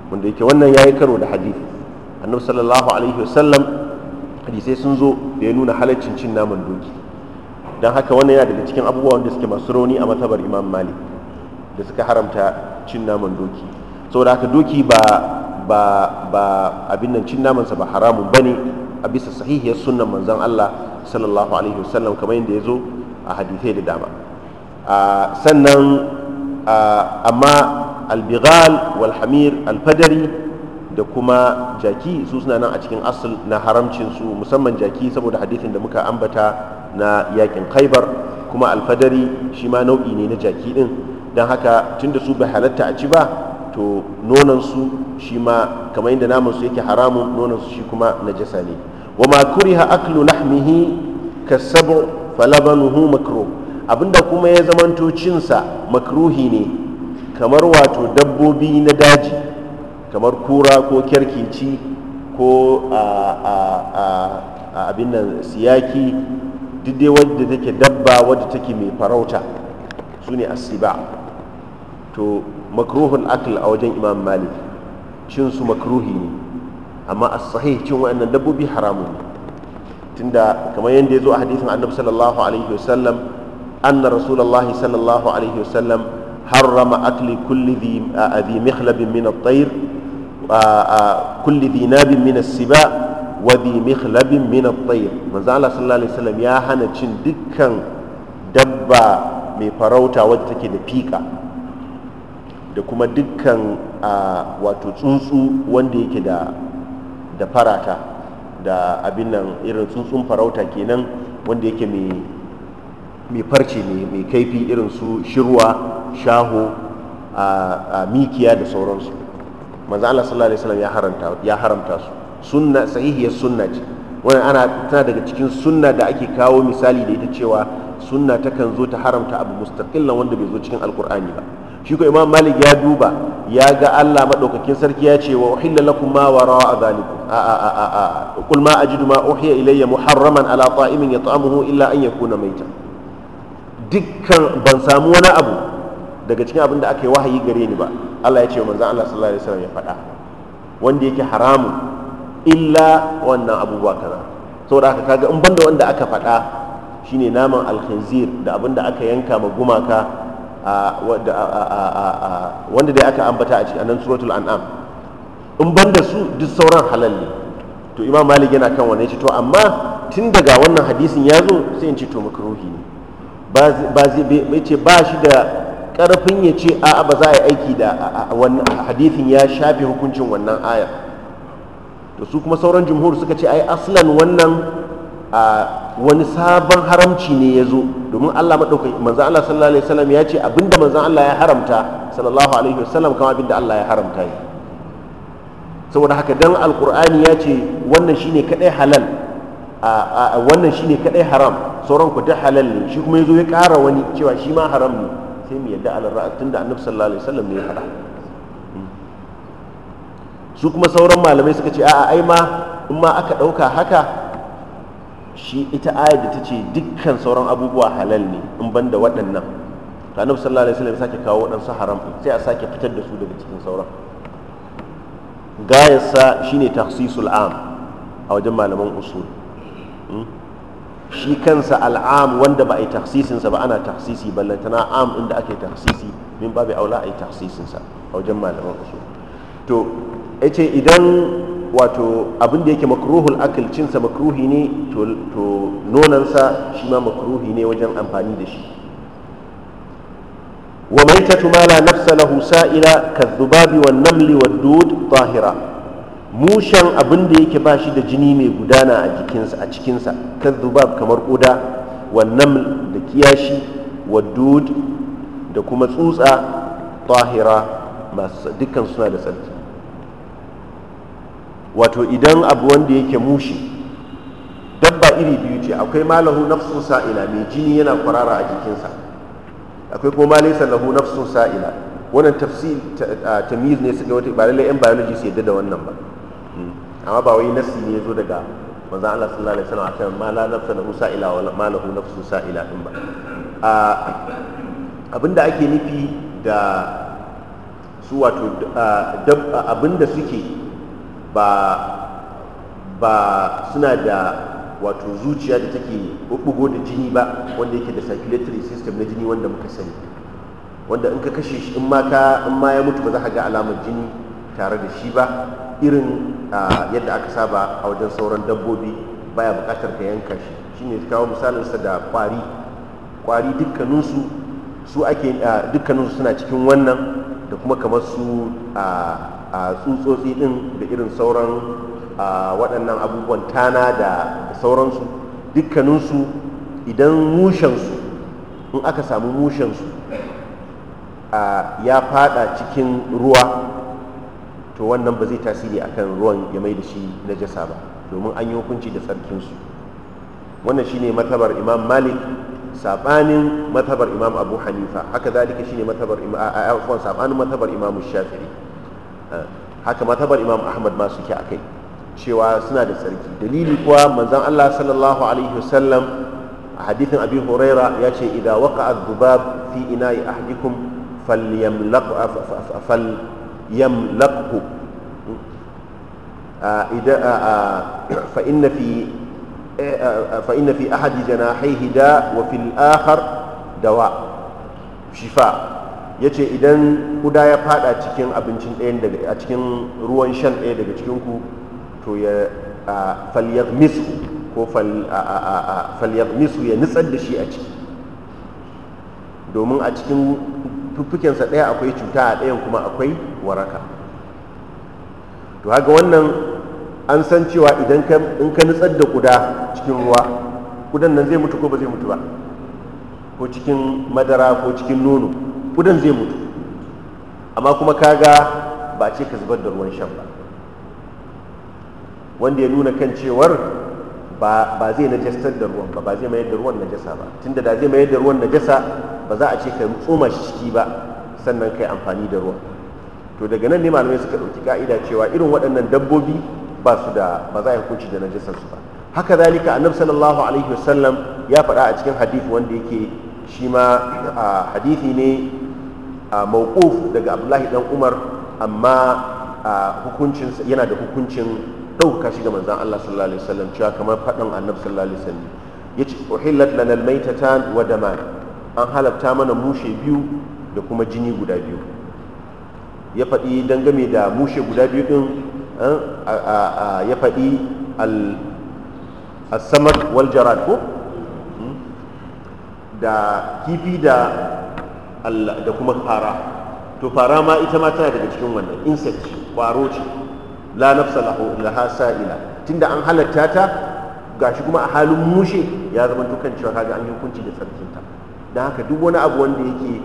wanda yake wannan yayi karo da hadisi annabi sallallahu alaihi wasallam hadisai sun zo da ya nuna halaccin cin naman doki don haka wannan yana daga cikin abubuwan da suke masu rauni a matsabar imam malik da suka haramta cin naman doki saboda haka doki ba ba abin nan cin namansa ba haramun bane a bisa sahihiyar sunnan manzon Allah sallallahu alaihi wasallam kamar yadda ya zo a hadisai da dama sannan amma albigal walhamir alfadari da kuma jaki su suna nan a cikin asal na haramcin su musamman jaki saboda hadisin da muka ambata na yakin khaibar kuma alfadari shi ma nau'i ne na jaki din don haka tunda su bai halatta a ci ba to nonansu shi ma kamar yadda namansu yake haramu nonansu shi kuma na jasa ne wa ma kuriha aklu lahmihi sabo falabanuhu makro abinda kuma ya zamanto cinsa makruhi ne kamar wato dabbobi na daji kamar kura ko kyarkeci ko abin nan siyaki duk dai wadda take dabba wadda take mai farauta su ne asiba to makruhun akil a wajen imam malik cin su makruhi ne amma a sahih cin wa'annan dabbobi haramun ne tunda kamar yadda ya zo a hadisin annabi sallallahu alaihi wasallam anna rasulullahi sallallahu alaihi wasallam harrama akli kulli dhi mikhlabin min at-tayr kulli dhi min as-siba' wadi mikhlabin min at-tayr manzo Allah sallallahu alaihi wasallam ya hana cin dukkan dabba mai farauta wacce take da fika da kuma dukkan wato tsuntsu wanda yake da da farata da abin nan irin tsuntsun farauta kenan wanda yake mai farce ne mai kaifi irin su shirwa shaho a mikiya da sauransu manzo Allah sallallahu alaihi wasallam ya haramta su sunna sahihiyar sunna ce wannan ana tana daga cikin sunna da ake kawo misali da ita cewa sunna takan zo ta haramta abu mustaqillan wanda bai zo cikin alkur'ani ba shi ko imam malik ya duba ya ga allah maɗaukakin sarki ya ce wa uhilla lakum ma wara a zalikum a a a a qul ma ajidu ma uhiya ilayya muharraman ala ta'imin yat'amuhu illa an yakuna maita dukkan ban samu wani abu daga cikin abin da aka yi wahayi gare ni ba allah ya ce wa manzon allah sallallahu alaihi wasallam ya faɗa wanda yake haramun illa wannan abubuwa kaza saboda haka kaga in banda wanda aka faɗa shine naman alkhinzir da abin aka yanka ma gumaka wanda dai aka ambata a cikin nan suratul an'am in banda su duk sauran halal ne to imam malik yana kan wannan ce to amma tun daga wannan hadisin ya zo sai in ce to makruhi ne ba zai ce ba shi da karfin ya ce a'a ba za a yi aiki da wannan hadisin ya shafe hukuncin wannan ayar to su kuma sauran jumhur suka ce ai aslan wannan wani sabon haramci ne ya zo domin Allah maɗaukaki manzan Allah sallallahu alaihi wasallam ya ce abinda manzan Allah ya haramta sallallahu alaihi wasallam kama abinda Allah ya haramta yi saboda haka dan alkur'ani ya ce wannan shine kadai halal wannan shine kadai haram sauran ku duk halal ne shi kuma ya zo ya ƙara wani cewa shi ma haram ne sai mu yadda alal ra'a tunda annabi sallallahu alaihi wasallam ne ya faɗa su kuma sauran malamai suka ce a'a ai ma in ma aka ɗauka haka shi ita ayar da ta ce dukkan sauran abubuwa halal ne in ban da waɗannan to annabi sallallahu alaihi wasallam sake kawo waɗansu haram sai a sake fitar da su daga cikin sauran gayarsa shine takhsisul am a wajen malaman usul hmm? shi kansa al'am wanda ba a yi sa ba ana taksisi tana am inda ake taksisi min babu aula a yi sa a wajen malaman usul to ya ce idan wato abin da yake makruhul akil cinsa makruhi ne to nonansa shi ma makruhi ne wajen amfani da shi wa maitatu ma la nafsa lahu sa'ila kadhubabi wa namli wa dud tahira mushan abin da yake ba shi da jini mai gudana a jikinsa a cikinsa kadhubab kamar kuda wa naml da kiyashi wa dud da kuma tsutsa tahira masu dukkan suna da tsarki wato idan abu wanda yake mushi dabba iri biyu ce akwai malahu nafsun sa'ila mai jini yana kwarara a jikinsa akwai kuma ma laisa lahu nafsun sa'ila wannan tafsir tamiz ne suka wata ba la'in yan biology su yadda da wannan ba hmm. amma ba wai nafsi ne zo daga manzon Allah sallallahu alaihi wasallam akan ma la nafsa lahu sa'ila wa ma lahu nafsun sa'ila din ba abinda ake nufi da su wato abinda suke ba suna da wato zuciya da take bugo da jini ba wanda yake da circulatory system na jini wanda muka sani wanda in ka kashe shi in ma ka in ma ya mutu ba za ka ga alamar jini tare da shi ba irin yadda aka saba a wajen sauran dabbobi baya bukatar ka yanka shi shine kawo misalinsa da kwari kwari dukkaninsu su ake su suna cikin wannan da kuma kamar su A tsutsotsi din da irin sauran waɗannan abubuwan tana da sauransu dukkaninsu idan mushensu in aka samu mushensu ya fada cikin ruwa to wannan ba zai tasiri akan ruwan ya mai da shi na jasa ba domin an yi hukunci da tsarkinsu wannan shine matabar imam malik sabanin matabar imam abu hanifa haka zalika shine matabar imam sabanin matabar imam shafi'i haka matabar imam ahmad ma suke akai cewa suna da sarki dalili kuwa manzon Allah sallallahu alaihi wasallam a hadithin abi huraira yace ce idza waqa'a dhubab fi ina'i ahdikum falyamlaq fal yamlaqhu ahadikum falyamlaqhu فإن في فإن في أحد جناحيه داء وفي الآخر دواء شفاء ya ce idan kuda ya fada cikin abincin ɗayan daga a cikin ruwan shan ɗaya daga cikinku to ya falyar misu ko falyar misu ya nitsar da shi a ciki domin a cikin fuffukensa ɗaya akwai cuta a ɗayan kuma akwai waraka to haga wannan an san cewa idan in ka nitsar da kuda cikin ruwa kudan nan zai mutu ko ba zai mutu ba ko cikin madara ko cikin nono kudan zai mutu amma kuma kaga ba ce ka zubar da ruwan shan ba wanda ya nuna kan cewar ba zai najastar da ruwan ba ba zai mayar da ruwan najasa ba tunda da zai mayar da ruwan najasa ba za a ce ka tsoma shi ciki ba sannan kai amfani da ruwan to daga nan ne malamai suka ɗauki ka'ida cewa irin waɗannan dabbobi ba su da ba za a hukunci da najasar su ba haka zalika annabi sallallahu alaihi wasallam ya faɗa a cikin hadisi wanda yake shi ma hadisi ne mawquf daga abdullahi dan umar amma hukuncin yana da hukuncin ɗauka shi ga manzan Allah sallallahu alaihi wasallam cewa kamar faɗin annabi sallallahu alaihi wasallam yace uhillat lana almaytatan wa dama an halabta mana mushe biyu da kuma jini guda biyu ya faɗi dangane da mushe guda biyu din ya faɗi al-samad wal jarad ko hmm? da kifi da Allah da kuma fara to fara ma ita ma tana daga cikin wannan insect kwaro ce la nafsa laha sa'ila tunda an halatta ta gashi kuma a halin mushe ya zama dukan cewa kaga an yi hukunci da sarkin ta dan haka duk wani abu wanda yake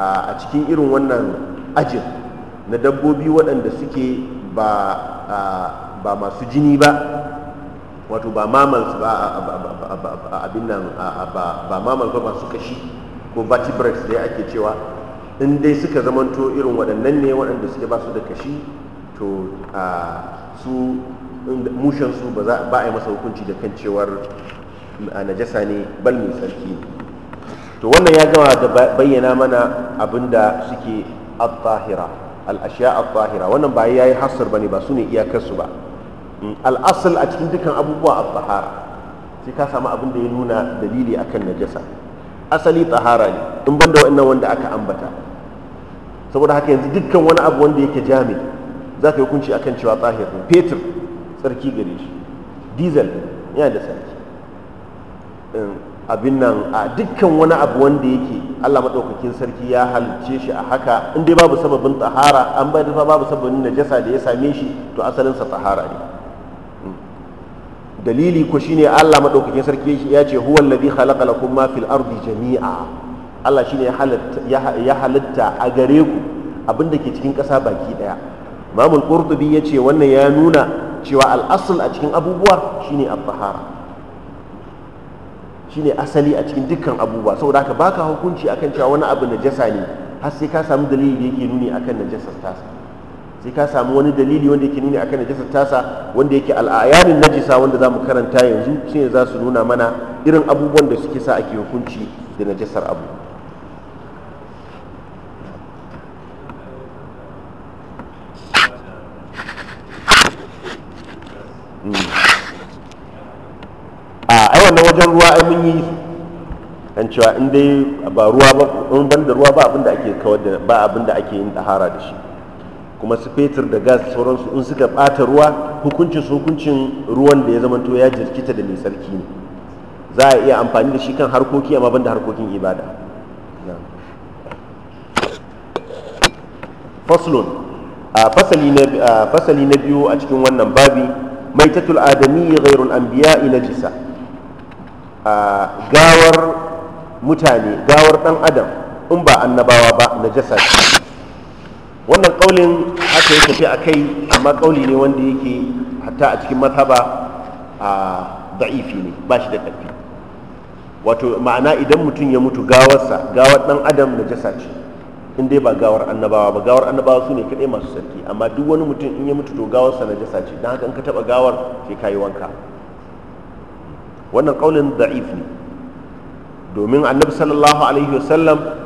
a cikin irin wannan ajin na dabbobi waɗanda suke ba ba masu jini ba wato ba mamals ba abin nan ba mamals ba masu kashi ko vertebrates da ake cewa in dai suka zamanto irin waɗannan ne waɗanda suke basu da kashi to su mushen su ba a yi masa hukunci da kan cewar najasa ne bal mai sarki to wannan ya gama da bayyana mana abin da suke al-tahira al-ashiya al-tahira wannan ba ya yi hasar ba ne ba su ne iyakarsu ba mm, al-asal a cikin dukkan abubuwa al-tahara sai ka samu abin da ya nuna dalili akan najasa asali tsahara ne in banda wa'annan wanda aka ambata saboda haka yanzu dukkan wani abu wanda yake jami za ka yi hukunci kan cewa tsahir ne fetur tsarki gare shi diesel yana da tsarki abin nan a dukkan wani abu wanda yake Allah maɗaukakin sarki ya halicce shi a haka in dai babu sababin tsahara an bai babu sababin najasa da ya same shi to asalinsa tsahara ne dalili ko shine Allah madaukakin sarki ya ce huwa alladhi khalaqa lakum ma fil ardi jami'a Allah shine ya halitta a gare ku abinda ke cikin ƙasa baki daya Imam Qurtubi ya ce wannan ya nuna cewa al-asl a cikin abubuwa shine at-tahara shine asali a cikin dukkan abubuwa saboda haka baka hukunci akan cewa wani abu najasa ne har sai ka samu dalili da yake nuni akan najasar tasa sai ka samu wani dalili wanda yake nuni akan najasar tasa wanda yake al'ayanin najisa wanda zamu karanta yanzu shine za su nuna mana irin abubuwan da suke sa ake hukunci da najasar abu hmm. a wannan wajen ruwa ai mun yi an cewa in dai ba ruwa ba in ban da ruwa ba abinda ake kawar da ba ake yin tahara da shi kuma su fetur da gas sauransu in suka ɓata ruwa hukuncin su hukuncin ruwan da ya zamanto ya jirkita da mai sarki ne za a iya amfani da shi kan harkoki amma banda harkokin ibada fasali na biyu a cikin wannan babi mai tattul adami ghairul anbiya ina jisa gawar mutane gawar dan adam in ba annabawa ba na jasa shi wannan kaulin haka ya tafi a kai amma kauli ne wanda yake hatta a cikin mazhaba a da'ifi ne ba shi da ƙarfi wato ma'ana idan mutum ya mutu gawarsa gawar ɗan adam na jasa ce in dai ba gawar annabawa ba gawar annabawa su ne kaɗai masu sarki amma duk wani mutum in ya mutu to gawarsa na jasa ce don haka in ka taɓa gawar sai ka yi wanka wannan kaulin da'if ne domin annabi sallallahu alaihi wasallam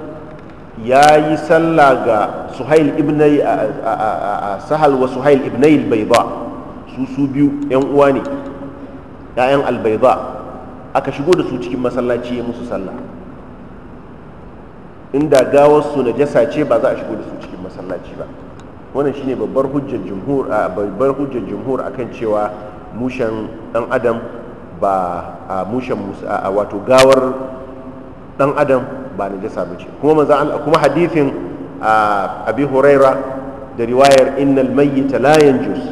ya yi sallah ga suhail ibn sahal wa suhail ibn al-bayda su su biyu yan uwa ne yayan al-bayda aka shigo da su cikin masallaci ya musu sallah inda gawar su najasa ce ba za a shigo da su cikin masallaci ba wannan shine babbar hujjar jumhur babbar hujjar jumhur akan cewa mushen dan adam ba mushen wato gawar dan adam ba najasa ba ce kuma kuma hadithin abi huraira da riwayar innal mayyita la yanjus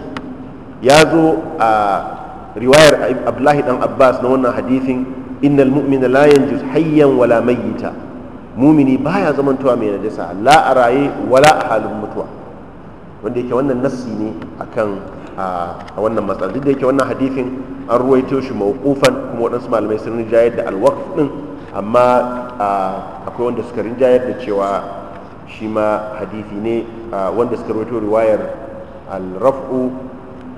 ya zo a riwayar abdullahi dan abbas na wannan hadithin innal mu'mina la yanjus hayyan wala mayyita mumini baya zamantowa mai najasa la a raye wala a halin mutuwa wanda yake wannan nassi ne akan a wannan matsala duk da yake wannan hadithin an ruwaito shi mawqufan kuma waɗansu malamai sun rinjaye da alwaqf din amma akwai wanda suka rinjayar da cewa shi ma hadithi ne wanda suka rawaito riwayar al-raf'u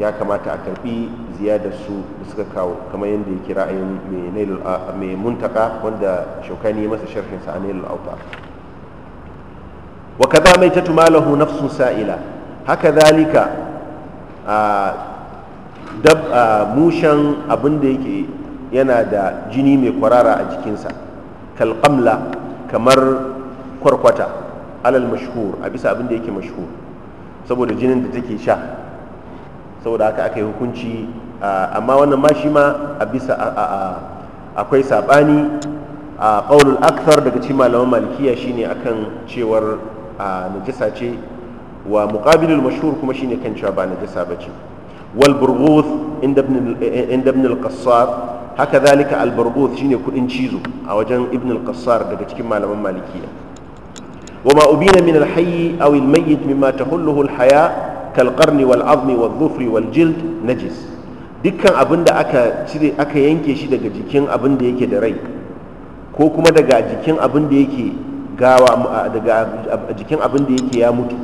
ya kamata a karbi ziyadar su da suka kawo kamar yadda ya kira ayin mai muntaka wanda shaukani masa sharhin sa a nailul auta wa kaza mai tatu malahu nafsun sa'ila haka zalika a mushan abin da yake yana da jini mai kwarara a jikinsa kalkamla kamar kwarkwata alal mashhur a bisa abin da yake mashhur saboda jinin da take sha saboda haka aka yi hukunci amma wannan ma shi ma a bisa akwai saɓani a ƙaunul akthar daga cikin malaman malikiya shine akan cewar najisa ce wa muqabilul mashhur kuma shine kan cewa ba najisa bace wal burghuth inda ibn al haka zalika albargot shine kudin cizo a wajen ibn al-qassar daga cikin malaman malikiya wa ma ubina min al-hayy aw al-mayyit mimma tahulluhu al-haya kal qarni wal azmi wal dhufri wal jild najis dukkan abinda aka cire aka yanke shi daga jikin abinda da yake da rai ko kuma daga jikin abinda yake gawa daga jikin abinda yake ya mutu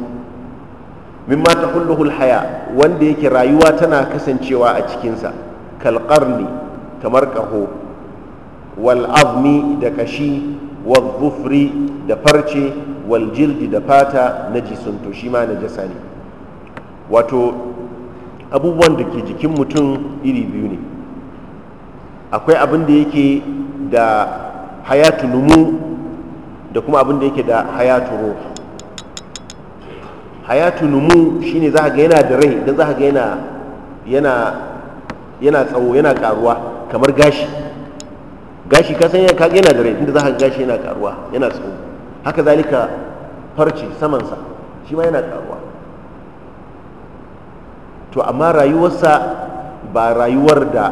mimma tahulluhu al-haya wanda yake rayuwa tana kasancewa a cikinsa kal qarni kamar ƙaho wal azmi da kashi wal da farce wal da fata na jisunto shi ma na jasa ne wato abubuwan da ke jikin mutum iri biyu ne akwai abin da yake da hayatu numu da kuma abin da yake da hayatu ruh hayatu numu shine za ga yana da rai idan za ga yana yana yana tsawo yana karuwa kamar gashi gashi ka san yana da rai inda za ka gashi yana karuwa yana tsawo haka zalika farce samansa shi ma yana karuwa to amma rayuwarsa ba rayuwar da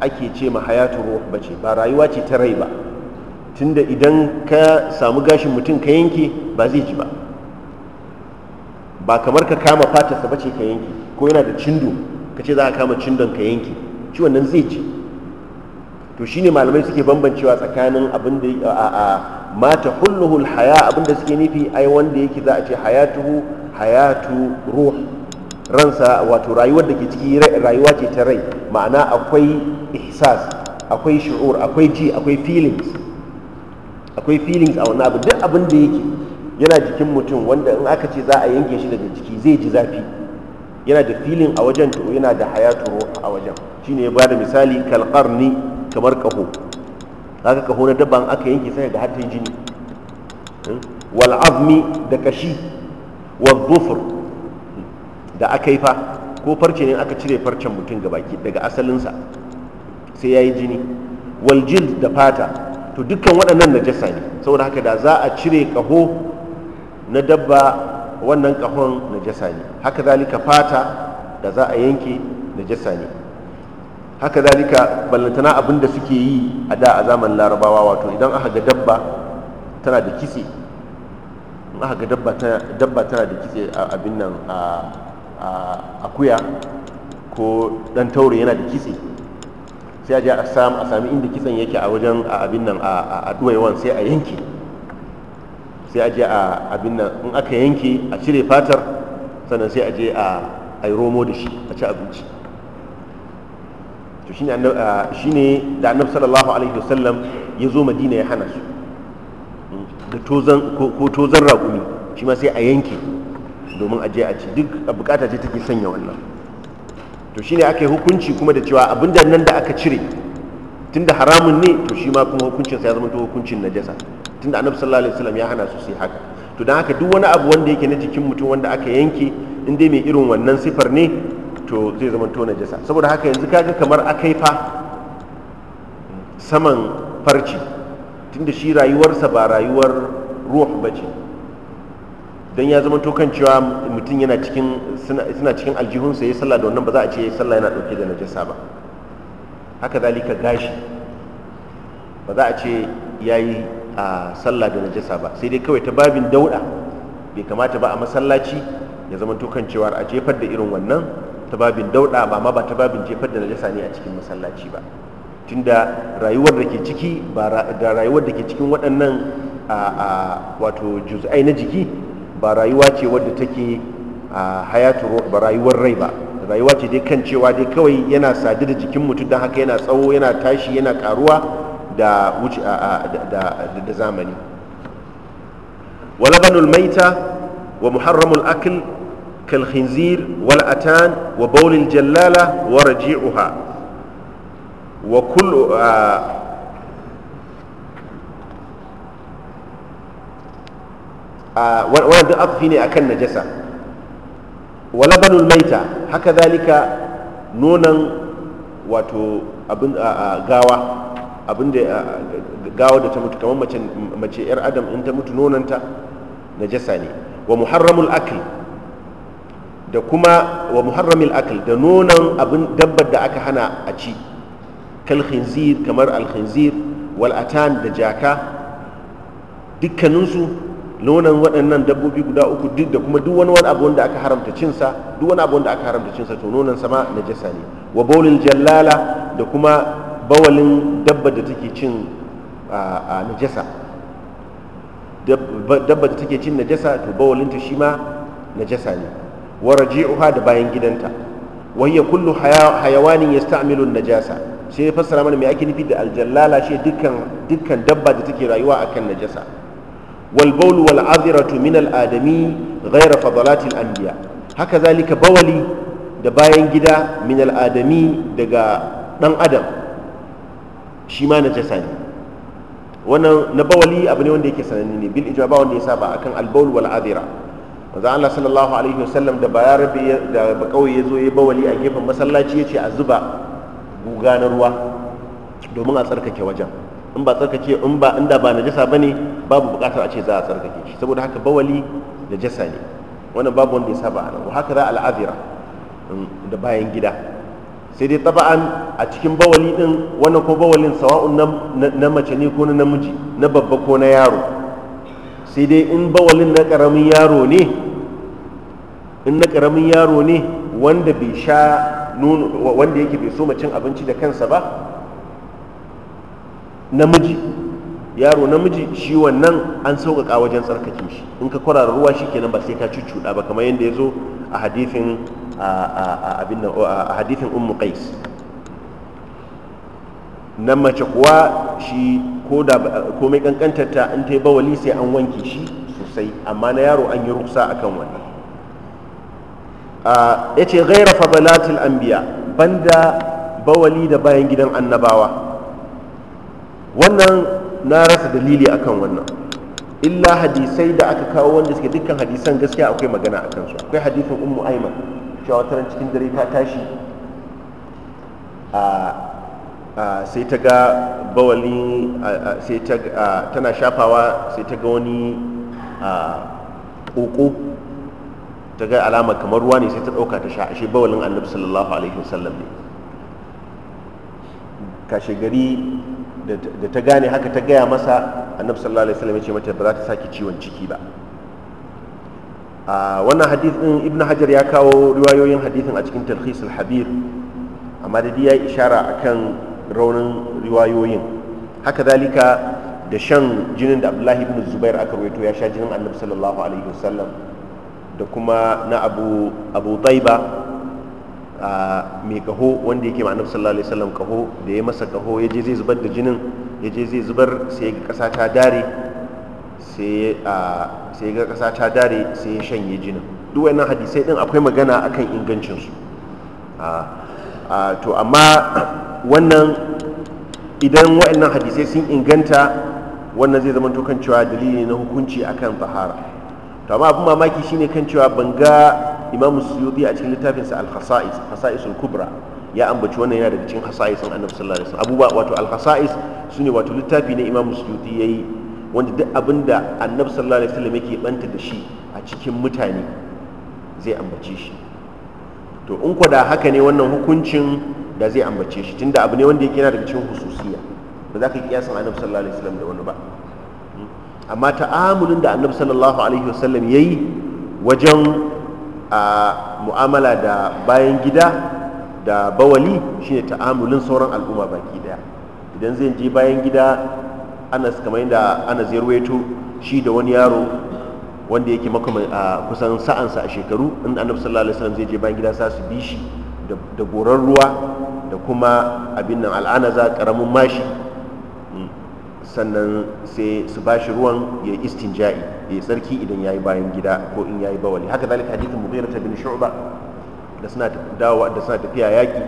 ake ce ma hayatu ruh bace ba rayuwa ce ta rai ba tunda idan ka samu gashin mutum ka yanke ba zai ji ba ba kamar ka kama fatarsa ba ce ka yanke ko yana da cindo ka ce za ka kama cindon ka yanke ciwon nan zai ji to shi shine malamai suke bambancewa tsakanin abin da a mata hulluhul haya abin da suke nufi ai wanda yake za a ce hayatuhu hayatu ruh ransa wato rayuwar da ke ciki rayuwa ce ta rai ma'ana akwai ihsas akwai shu'ur akwai ji akwai feelings akwai feelings a wani abu duk abin da yake yana jikin mutum wanda in aka ce za a yanke shi daga jiki zai ji zafi yana da feeling a wajen to yana da hayatu ruh a wajen shine ya bada misali kalqarni kamar kaho kaga kaho na dabban aka yanke sai ga har jini hmm? wal azmi da kashi wal dhufr da aka yi fa ko farce ne aka cire farcen mutum ki daga asalinsa sai ya yi jini wal jild da fata to dukkan waɗannan najasa ne saboda haka da za a cire kaho na dabba wannan kahon najasa ne haka zalika fata da za a yanke najasa ne haka zalika ballantana abin da suke yi a da a zamanin larabawa wato idan aka ga dabba tana da kitse in aka ga dabba tana da kitse a abin nan a akuya ko dan taure yana da kitse sai a je a sami inda kitsen yake a wajen a abin nan a duwaiwan sai a yanke sai a je a abin nan in aka yanke a cire fatar sannan sai a je a yi romo da shi a ci abinci to shine shine da annabi sallallahu alaihi wasallam ya zo madina ya hana su hmm. da tozan ko tozan raƙumi shi ma sai a yanke domin a je a ci duk a bukata ce take sanya wannan to shine ake hukunci kuma da cewa abin da nan da aka cire tunda haramun ne to shi ma kuma hukuncin sa ya zama to hukuncin najasa tunda annabi sallallahu alaihi wasallam ya hana su sai haka to dan haka duk wani abu wanda yake na jikin mutum wanda aka yanke in dai mai irin wannan sifar ne to zai zama tona jasa saboda haka yanzu kaga kamar akai fa saman farci tunda shi rayuwarsa ba rayuwar ruh ba ce don ya zama to kan cewa mutum yana cikin suna cikin aljihunsa ya sallah da wannan ba za a ce ya sallah yana dauke da najasa ba haka zalika gashi ba za a ce ya yi a sallah da najasa ba sai dai kawai ta babin dauda bai kamata ba a masallaci ya zama to kan cewa a jefar da irin wannan ta babin dauɗa ba ma ba ta babin jefar da najasa ne a cikin masallaci ba tunda rayuwar da ke ciki da rayuwar da ke cikin waɗannan wato juz'ai na jiki ba rayuwa ce wadda take hayatu ba rayuwar rai ba rayuwa ce dai kan cewa dai kawai yana sadu da jikin mutum don haka yana tsawo yana tashi yana karuwa da zamani. da zamani walabanul maita wa muharramul akil كالخنزير والأتان وبول الجلالة ورجيعها وكل آه آه وانا أطفيني أكن نجسة ولبن الميتة هكذلك نونا واتو أبن آه غاوة abin da gawa da ta mutu kamar mace yar adam in ta mutu nonanta najasa ne wa muharramul akli da kuma wa muharramin akal da nonon abin dabbar da aka hana a ci kalhinzir kamar alhinzir, khinzir wal atan da jaka dukkaninsu nonon waɗannan dabbobi guda uku duk da kuma duk wani wani abu wanda aka haramta cinsa duk wani abu wanda aka haramta cinsa to nonon sama jasa ne wa bawlil jallala da kuma bawalin dabba da take cin a najasa dabba da take cin najasa to bawalinta shi ma najasa ne wa raji'uha da bayan gidanta wa ya kullu hayawanin yasta'milu najasa sai ya fassara mana me ake nufi da aljallala shi dukkan dukkan dabba da take rayuwa akan najasa wal bawl wal azratu min al adami ghayra fadalatil anbiya haka zalika bawali da bayan gida min al adami daga dan adam shi ma najasa ne wannan na bawali abu ne wanda yake sananne ne bil ijaba wanda ya saba akan al bawl wal azira manzo Allah sallallahu alaihi wasallam da rabbi da bakawai yazo yayi bawali a gefen masallaci yace a zuba guga na ruwa domin a tsarkake wajen in ba tsarkake in ba inda ba najasa bane babu bukatar a ce za a tsarkake shi saboda haka bawali najasa ne wannan babu wanda ya saba anan wa haka za al'azira mm, da bayan gida sai dai taba'an a cikin bawali din wannan ko bawalin sawa'un na mace ne ko na namiji na babba ko na yaro sai dai in bawalin na ƙaramin yaro ne in na ƙaramin yaro ne wanda bai sha nono wanda yake bai so cin abinci da kansa ba namiji yaro namiji shi wannan an sauƙaƙa wajen tsarkake shi in ka kwarara ruwa shi kenan ba sai ka cuccuɗa ba kamar yadda ya zo a hadifin a ummu qais nan mace kuwa shi ko da komai kankantar ta in ta yi bawali sai an wanke shi sosai amma na yaro an yi ruksa akan wannan ya ce gaira fadalatul anbiya banda bawali da bayan gidan annabawa wannan na rasa dalili akan wannan illa hadisai da aka kawo wanda suke dukkan hadisan gaskiya akwai magana a kansu, akwai hadisin ummu aiman cewa cikin dare ta tashi sai ta ga bawali sai ta tana shafawa sai ta ga wani ƙoƙo ta ga alama kamar ruwa ne sai ta ɗauka ta sha ashe bawalin annabi sallallahu alaihi wasallam ne kashe gari da ta gane haka ta gaya masa annabi sallallahu alaihi wasallam ya ce mata ba za ta sake ciwon ciki ba a wannan hadith din ibnu hajar ya kawo riwayoyin hadithin a cikin talhis al-habir amma da ya ishara akan raunin riwayoyin haka zalika da shan jinin da abdullahi ibn zubair aka rawaito ya sha jinin annabi sallallahu alaihi wasallam da kuma na abu abu taiba mai kaho wanda yake ma annabi sallallahu alaihi wasallam kaho da ya masa kaho ya je zai zubar da jinin ya je zai zubar sai ya ga kasa ta dare sai ya ga kasa ta dare sai ya shanye jinin duk wannan hadisai din akwai magana akan ingancinsu. to amma wannan idan wa'annan hadisai sun inganta wannan zai zama kan cewa dalili na hukunci akan zahara, to amma abin mamaki shine kan cewa ban ga imam suyuti a cikin littafinsa al-khasa'is khasa'isul kubra ya ambaci wannan yana daga cikin khasa'isin annabi sallallahu alaihi wasallam abubuwa wato al-khasa'is sune wato littafi na imam suyuti yayi wanda duk abinda annabi sallallahu alaihi wasallam yake banta da shi a cikin mutane zai ambace shi to in ku da haka ne wannan hukuncin da zai ambace shi tunda abu ne wanda yake yana daga cikin hususiya ba za ka yi kiyasan annabi sallallahu alaihi wasallam da wani ba amma ta'amulin da annabi sallallahu alaihi wasallam yayi wajen a mu'amala da bayan gida da bawali shine ta'amulin sauran al'umma baki daya idan zai je bayan gida anas kamar yadda anas ya shi da wani yaro wanda yake a kusan sa'ansa a shekaru inda annabi sallallahu alaihi wasallam zai je bayan gida sasu bi shi da goran ruwa da kuma abin nan al'ana za karamin mashi mm. sannan sai su ba shi ruwan ya yi istinja'i ya yi tsarki idan ya yi bayan gida ko in ya yi bawali haka zalika hadithin mughira ta bin shu'ba da suna da suna tafiya yaki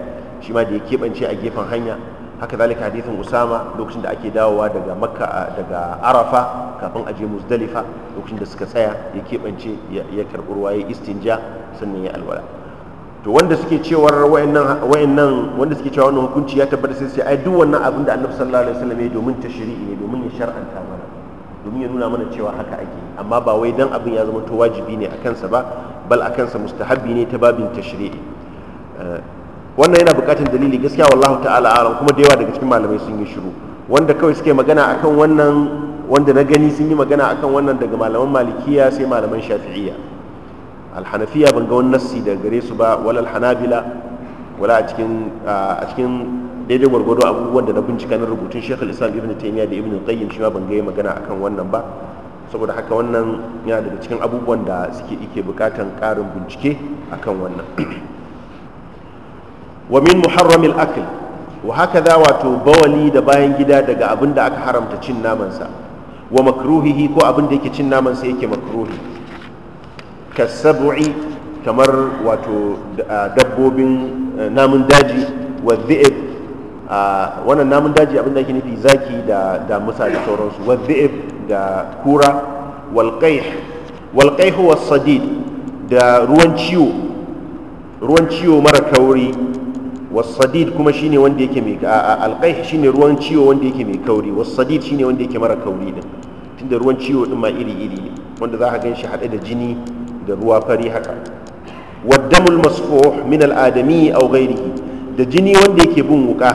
shi ma da ya keɓance a gefen hanya haka zalika hadithin usama lokacin da ake dawowa daga makka daga arafa kafin aje muzdalifa lokacin da suka tsaya ya kebance ya karɓi ruwa ya istinja sannan ya alwala to wanda suke cewar wayannan wayannan wanda suke cewa wannan hukunci ya tabbata sai sai ai duk wannan abin da annabi sallallahu alaihi wasallam ya domin tashri'i ne domin ya shar'anta mana domin ya nuna mana cewa haka ake amma ba wai dan abin ya zama to wajibi ne akan sa ba bal akan sa mustahabbi ne ta babin tashri'i eh, wannan yana buƙatar dalili gaskiya wallahu ta'ala alam kuma da yawa daga cikin malamai sun yi shiru wanda kawai suke magana akan wannan wanda na gani sun yi magana akan wannan daga malaman malikiya sai malaman shafi'iyya alhanafiya ban ga wani nassi daga gare su ba wala alhanabila wala a cikin a cikin daidai gwargwado abubuwan da na bincika na rubutun shekul islam ibn taimiyya da ibn qayyim shi ma ban ga magana akan wannan ba saboda haka wannan yana daga cikin abubuwan da suke ike bukatan karin bincike akan wannan wa min muharramil akl wa hakaza wato bawali da bayan gida daga abin da aka haramta cin namansa wa makruhihi ko abin da yake cin namansa yake makruhi kasab'i kamar wato dabbobin eh, namun daji wa dhi'ib wannan namun daji abin da yake nufi zaki da da musa da sauransu wa dhi'ib da kura wal qaih wal sadid da ruwan ciwo ruwan ciwo mara kauri wasadid kuma shine wanda yake mai alƙai shine ruwan ciwo wanda yake mai kauri wasadid shine wanda yake mara kauri din tunda ruwan ciwo din ma iri iri ne wanda za ka gan shi haɗe da jini da ruwa fari haka waddamul masfuh min al'adami aw ghayrihi da jini wanda yake bin wuka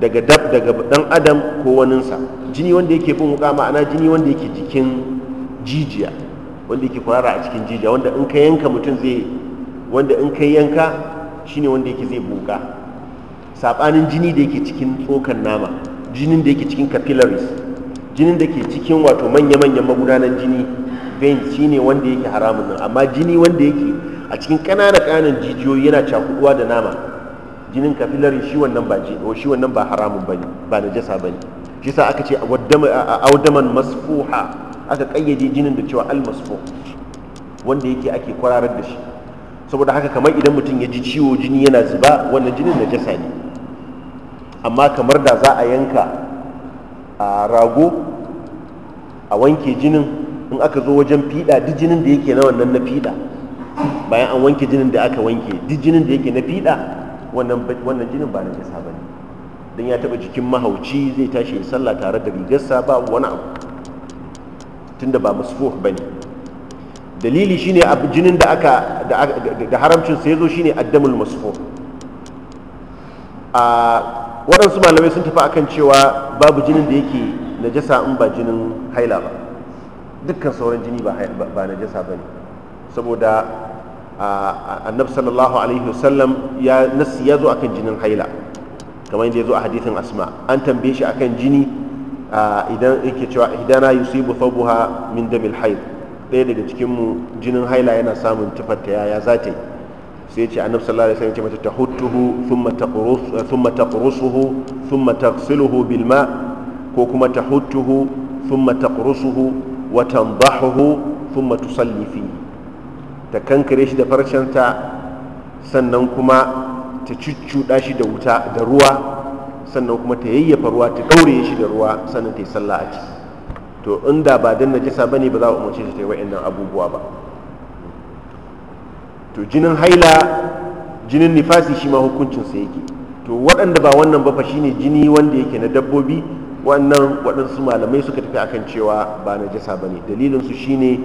daga dab daga dan adam ko waninsa jini wanda yake bin wuka ma'ana jini wanda yake jikin jijiya wanda yake kwarara a cikin jijiya wanda in ka yanka mutum zai wanda in ka yanka shine wanda yake zai buka sabanin jini da yake cikin tsokan nama jinin da yake cikin capillaries jinin da ke cikin wato manya-manyan magudanan jini veins shine wanda yake haramun nan amma jini wanda yake a cikin ƙanana ƙananan jijiyoyi yana cakuduwa da nama jinin capillaries shi wannan ba shi wannan ba haramun bane ba najasa bane shi sa aka ce audaman masfuha aka kayyade jinin da cewa al-masfuh wanda yake ake kwararar da shi saboda haka kamar idan mutum ya ji ciwo jini yana zuba wannan jinin najasa ne amma kamar da za a yanka a rago a wanke jinin in aka zo wajen fiɗa duk jinin da yake na wannan na fiɗa bayan an wanke jinin da aka wanke duk jinin da yake na fiɗa wannan jinin ba najasa ba ne don ya taɓa jikin mahauci zai tashi sallah tare da rigarsa ba wani abu tunda ba masfuh ba ne dalili shine abu jinin da aka da haramcin sai yazo shine addamul masfu a waɗansu malamai sun tafi akan cewa babu jinin da yake najasa in ba jinin haila ba dukkan sauran jini ba ba najasa bane saboda annabi sallallahu alaihi wasallam ya nasi ya zo akan jinin haila kamar yadda ya zo a hadithin asma an tambaye shi akan jini idan yake cewa hidana yusibu thawbuha min damil haila ɗaya daga cikin mu jinin haila yana samun tufar yaya za ta yi sai ce annabi sallallahu alaihi wasallam ce mata tahuttuhu thumma taqrus thumma taqrusuhu thumma taghsiluhu bil ma ko kuma tahuttuhu thumma taqrusuhu wa tandahuhu thumma tusalli fi ta kankare shi da farcenta ta sannan kuma ta cuccuɗa shi da wuta da ruwa sannan kuma ta yayyafa ruwa ta ɗaure shi da ruwa sannan ta yi sallah a ciki to inda ba dan najasa bane ba za a umarce shi ta yi wa'annan abubuwa ba to jinin haila jinin nifasi shi ma hukuncinsa yake to waɗanda ba wannan ba fa shine jini wanda yake na dabbobi wannan waɗansu malamai suka tafi akan cewa ba najasa bane dalilinsu shine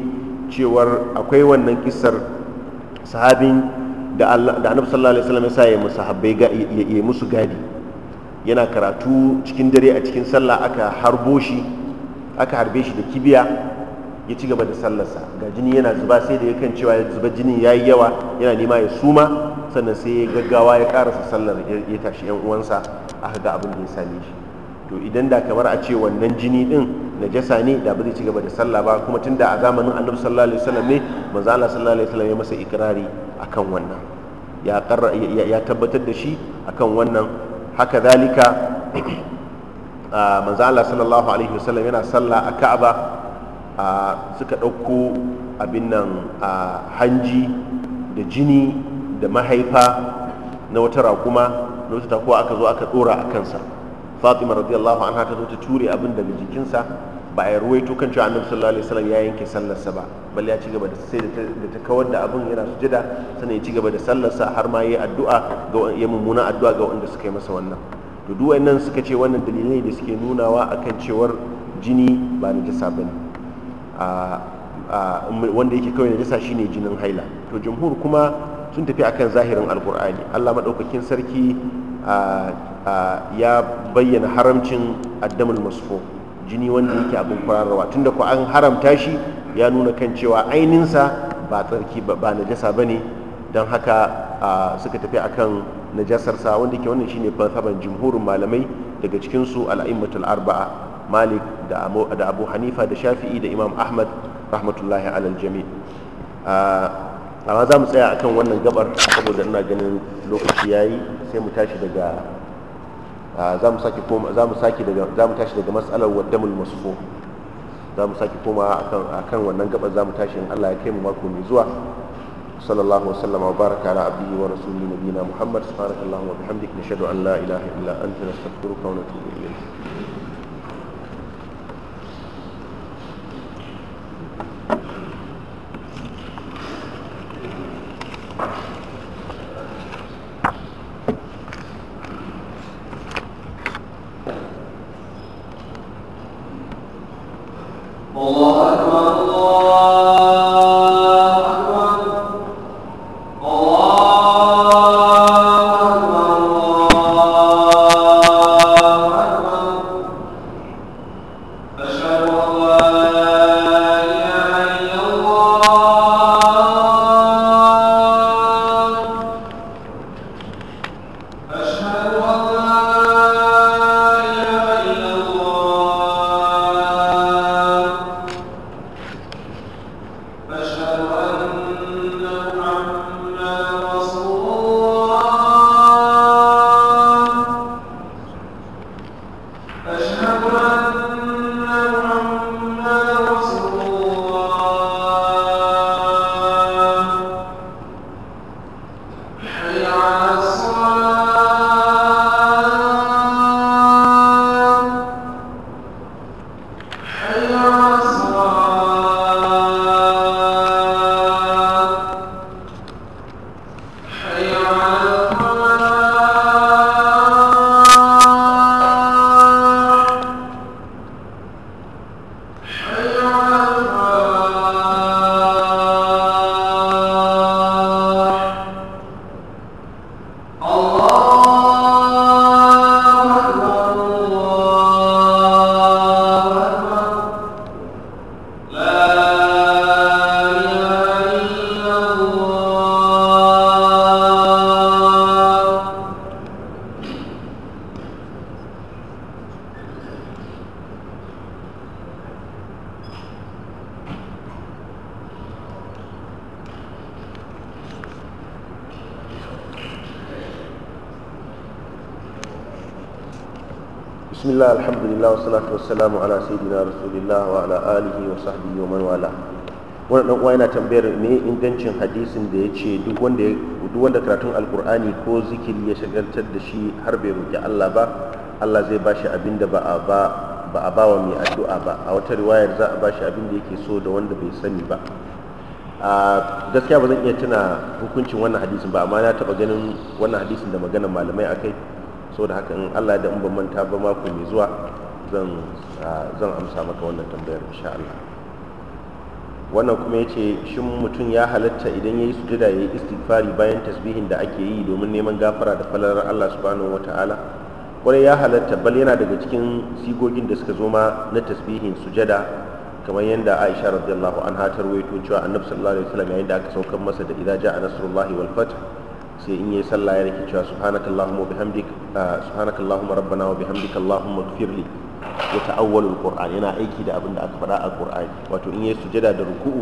cewar akwai wannan kisar sahabin da annabi sallallahu alaihi wasallam ya sa ya musahabbai ya musu gadi yana karatu cikin dare a cikin sallah aka harbo shi aka harbe shi da kibiya ya ci gaba da sallarsa ga jini yana zuba sai da kan cewa ya zuba jinin ya yi yawa yana nema ya suma sannan sai ya gaggawa ya karasa sallar ya tashi yan uwansa aka ga abin da ya same shi to idan da kamar a ce wannan jini din najasa ne da ba zai ci gaba da sallah ba kuma tunda a zamanin annabi sallallahu alaihi wasallam ne manzo Allah sallallahu alaihi wasallam ya masa ikrari akan wannan ya tabbatar da shi akan wannan haka zalika Ah, manzo Allah sallallahu alaihi wasallam yana sallah a Ka'aba ah, suka ɗauko abin nan ah, hanji da jini da mahaifa na wata raƙuma na wata takuwa aka zo aka ɗora a kansa fatima radiyallahu anha ta zo ta ture abin daga jikinsa ba a to kan cewa annabi sallallahu alaihi wasallam ya yanke sallarsa ba balle ya ci gaba da sai da ta kawar da abin yana sujada sannan ya ci gaba da sallarsa har ma yi addu'a ga ya mummuna addu'a ga wanda suka yi masa wannan to duk wannan suka ce wannan dalilai da suke nunawa a kan cewar jini ba ba ne wanda yake kawai na shi ne jinin haila to jamhur kuma sun tafi akan zahirin alkur'ani Allah maɗaukakin sarki ya bayyana haramcin addamul masfo jini wanda yake abin kwararwa tunda ko an haramta shi ya nuna kan cewa ainihinsa ba tsarki ba na ba ne. don haka suka tafi akan najasarsa wanda ke wannan shine fansaban jumhurin malamai daga cikin su al'immatul arba'a malik da abu hanifa da shafi'i da imam ahmad rahmatullahi alal jami amma za mu tsaya akan wannan gabar saboda ina ganin lokaci yayi sai mu tashi daga za mu ko za mu sake daga za mu tashi daga mas'alar waddamul za mu sake koma akan akan wannan gabar za mu tashi in Allah ya kai mu mako mai zuwa صلى الله وسلم وبارك على عبده ورسوله نبينا محمد سبحانك اللهم وبحمدك نشهد ان لا اله الا انت نستغفرك ونتوب اليك بسم الله الحمد لله والصلاة والسلام على سيدنا رسول الله وعلى آله وصحبه ومن والاه wannan dan uwa yana tambayar me ingancin hadisin da ya ce duk wanda karatun alkur'ani ko zikiri ya shagaltar da shi har bai roƙi Allah ba Allah zai bashi abin da ba a ba wa bawa mai addu'a ba a wata riwayar za a bashi abin da yake so da wanda bai sani ba a gaskiya ba zan iya tuna hukuncin wannan hadisin ba amma na taba ganin wannan hadisin da maganar malamai akai so da haka in Allah da in ban manta ba mako mai zuwa zan amsa maka wannan tambayar insha Allah wannan kuma ya ce shin mutum ya halatta idan ya yayi sujada yi istighfari bayan tasbihin da ake yi domin neman gafara da falalar Allah subhanahu ta'ala kwarai ya halatta bal yana daga cikin sigogin da suka zo ma na tasbihin sujada kamar yadda Aisha radiyallahu hatar wai rawaito cewa Annabi sallallahu alaihi wasallam yayin da aka saukar masa da idaja a nasrullahi wal fath sai in yayi sallah ya rike cewa subhanakallahumma bihamdika سبحانك اللهم ربنا وبحمدك اللهم اغفر لي يتأول القرآن yana aiki da abin da aka faɗa a Qur'ani wato in yayi sujada da ruku'u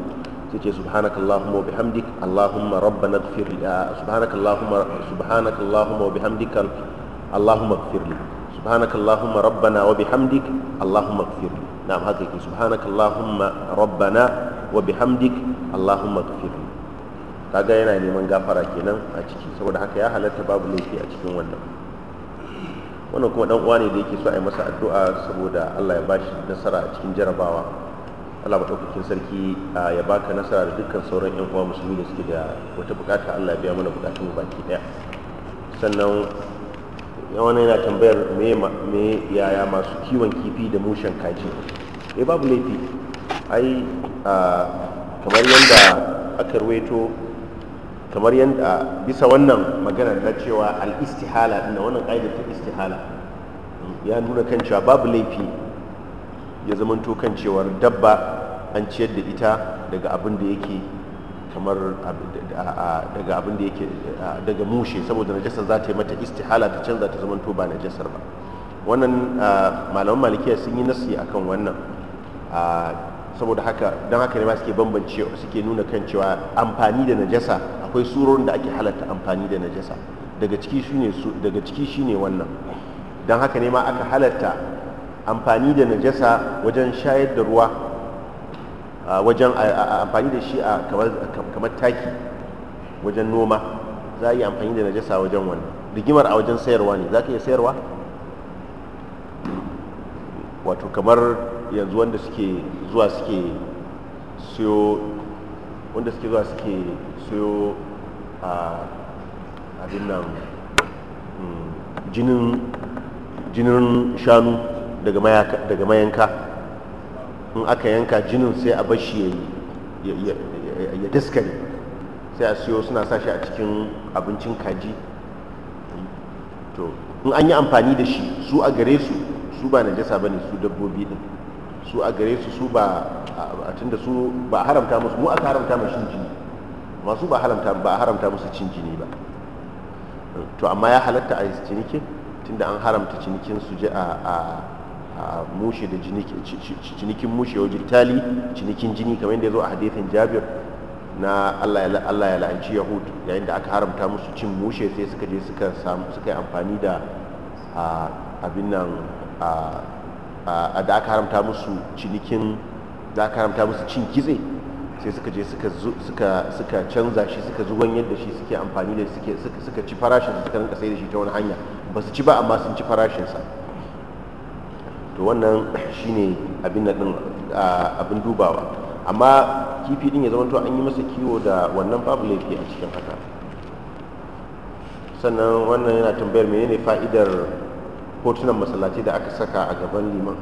sai ce subhanaka allahumma wa bihamdik allahumma rabbana ighfir li subhanaka allahumma subhanaka allahumma wa bihamdika allahumma ighfir li subhanaka allahumma rabbana wa bihamdik allahumma ighfir li na'am kaga yana neman gafara kenan a ciki saboda haka ya halatta babu laifi a cikin wannan wannan kuma dan uwa ne da yake so a yi masa addu'a saboda Allah ya bashi nasara a cikin jarabawa Allah madaukakin sarki ya baka nasara da dukkan sauran yan uwa musulmi da suke da wata bukata Allah ya biya mana bukatun mu baki daya sannan wani yana tambayar me me yaya masu kiwon kifi da mushen kaji eh babu laifi ai kamar yanda aka ruwaito kamar yadda bisa wannan maganar na cewa al-istihala din wannan ƙa'idar ta istihala ya nuna kan cewa babu laifi ya zamanto kan cewar dabba an ciyar da ita daga abin da yake kamar daga abin da yake daga mushe saboda najasar za ta yi mata istihala ta canza ta zamanto ba najasar ba wannan malaman malikiya sun yi nasi akan wannan saboda haka don haka ne ma suke bambance suke nuna kan cewa amfani da najasa akwai surorin da ake halatta amfani da najasa daga ciki shi daga ciki shine wannan don haka ne ma aka halatta amfani da najasa wajen shayar da ruwa wajen amfani da shi a kamar taki wajen noma za a yi amfani da najasa wajen wannan rigimar a wajen sayarwa ne za ka iya sayarwa wato kamar yanzu wanda suke zuwa suke siyo wanda suke zuwa suke siyo a abin nan mm, jinin shanu daga mayanka in aka yanka jinin sai a bashi ya daskare sai a siyo suna sashi a cikin abincin kaji to in an yi amfani da shi su a gare su su ba najasa ba ne su dabbobi din su a gare su su ba a tunda su ba haramta musu mu aka haramta mashin jini masu ba haramta ba haramta musu cin jini ba to amma ya halatta a yi ciniki tunda an haramta cinikin su a a mushe da cinikin mushe wa jirtali cinikin jini kamar yadda ya zo a hadithin jabir na allah ya la'anci yahud yayin da aka haramta musu cin mushe sai suka je suka samu suka yi amfani da abin nan da aka haramta musu cinikin da aka haramta musu cin kitse sai suka je suka canza shi suka zuwan yadda shi suke amfani da suke suka ci farashin suka rinka sai da shi ta wani hanya ba su ci ba amma sun ci farashinsa to wannan shine abin na din abin dubawa amma kifi din ya zama to an yi masa kiwo da wannan babu laifi a cikin haka sannan wannan yana tambayar menene fa'idar hotunan masallaci da aka saka a gaban liman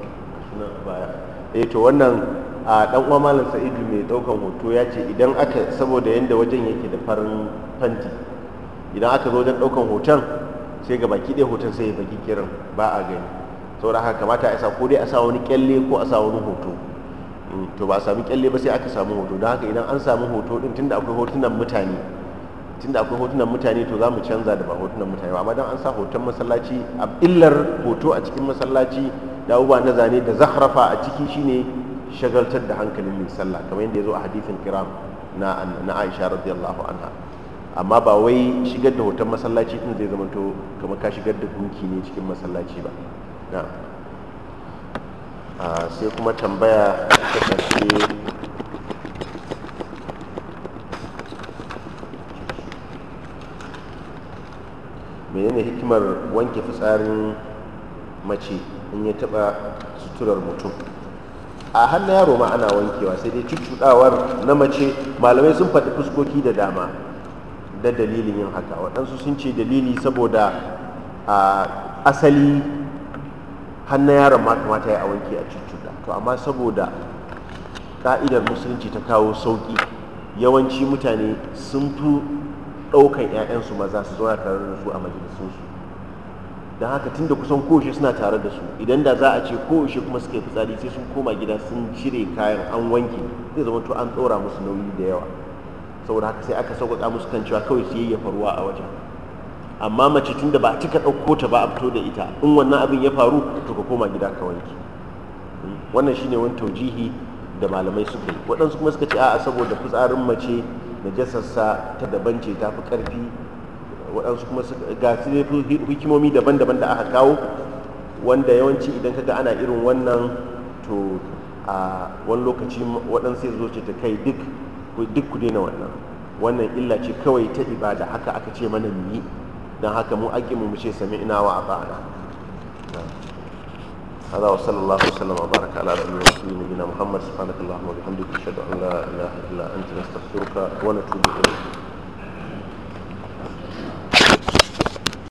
sunan baya eh to wannan a dan uwa malam sa'idu mai daukan hoto ya ce idan aka saboda yanda wajen yake da farin fanti idan aka zo wajen daukan hoton sai ga baki ɗaya hoton sai ya baki kiran ba a gani saboda haka kamata a sa ko dai a sa wani kyalle ko a sa wani hoto mm, to ba a sami kyalle ba sai aka samu hoto don haka idan an samu hoto din tunda akwai hotunan mutane tunda akwai hotunan mutane to za mu canza da ba hotunan mutane ba amma dan an sa hoton masallaci a illar hoto a cikin masallaci da abubuwa na zane da zahrafa a ciki shine shagaltar da hankalin mai sallah kamar yadda ya zo a hadithin kiram na Aisha radiyallahu anha amma ba wai shigar da hoton masallaci din zai zamanto kamar ka shigar da gunki ne cikin masallaci ba na ah, sai kuma tambaya ta karshe menene hikimar wanke fitsarin mace in ya taba suturar mutum a hannun yaro ma ana wankewa sai dai cuccuɗawar na mace malamai sun faɗi fuskoki da dama da dalilin yin haka waɗansu sun ce dalili saboda a asali hannun yaron ma kamata ya wanke a cuccuɗa to amma saboda ƙa'idar musulunci ta kawo sauƙi yawanci mutane sun fi ɗaukan 'ya'yansu maza su zauna tare da su a majalisunsu Da haka tunda kusan koshe suna tare da su idan da za a ce koshe kuma suka fitsari sai sun koma gida sun cire kayan an wanke zai zama to an tsora musu nauyi da yawa saboda haka sai aka sauƙaƙa musu kan cewa kawai su ya faruwa a wajen amma mace tunda ba a cika ɗauko ta ba a fito da ita in wannan abin ya faru to ka koma gida ka wanke wannan shine wani taujihi da malamai suka yi waɗansu kuma suka ce a'a saboda fitsarin mace najasarsa ta daban ce ta fi ƙarfi waɗansu kuma ga su hikimomi daban-daban da aka kawo wanda yawanci idan kaga ana irin wannan to a wani lokaci waɗansu ya zo ce ta kai duk ku daina wannan wannan illa ce kawai ta ibada haka aka ce mana mu yi don haka mu ake mu ce sami ina wa a ba'ana هذا وصلى الله وسلم وبارك على عبده ورسوله نبينا محمد سبحانك اللهم وبحمدك اشهد ان لا اله الا انت نستغفرك ونتوب اليك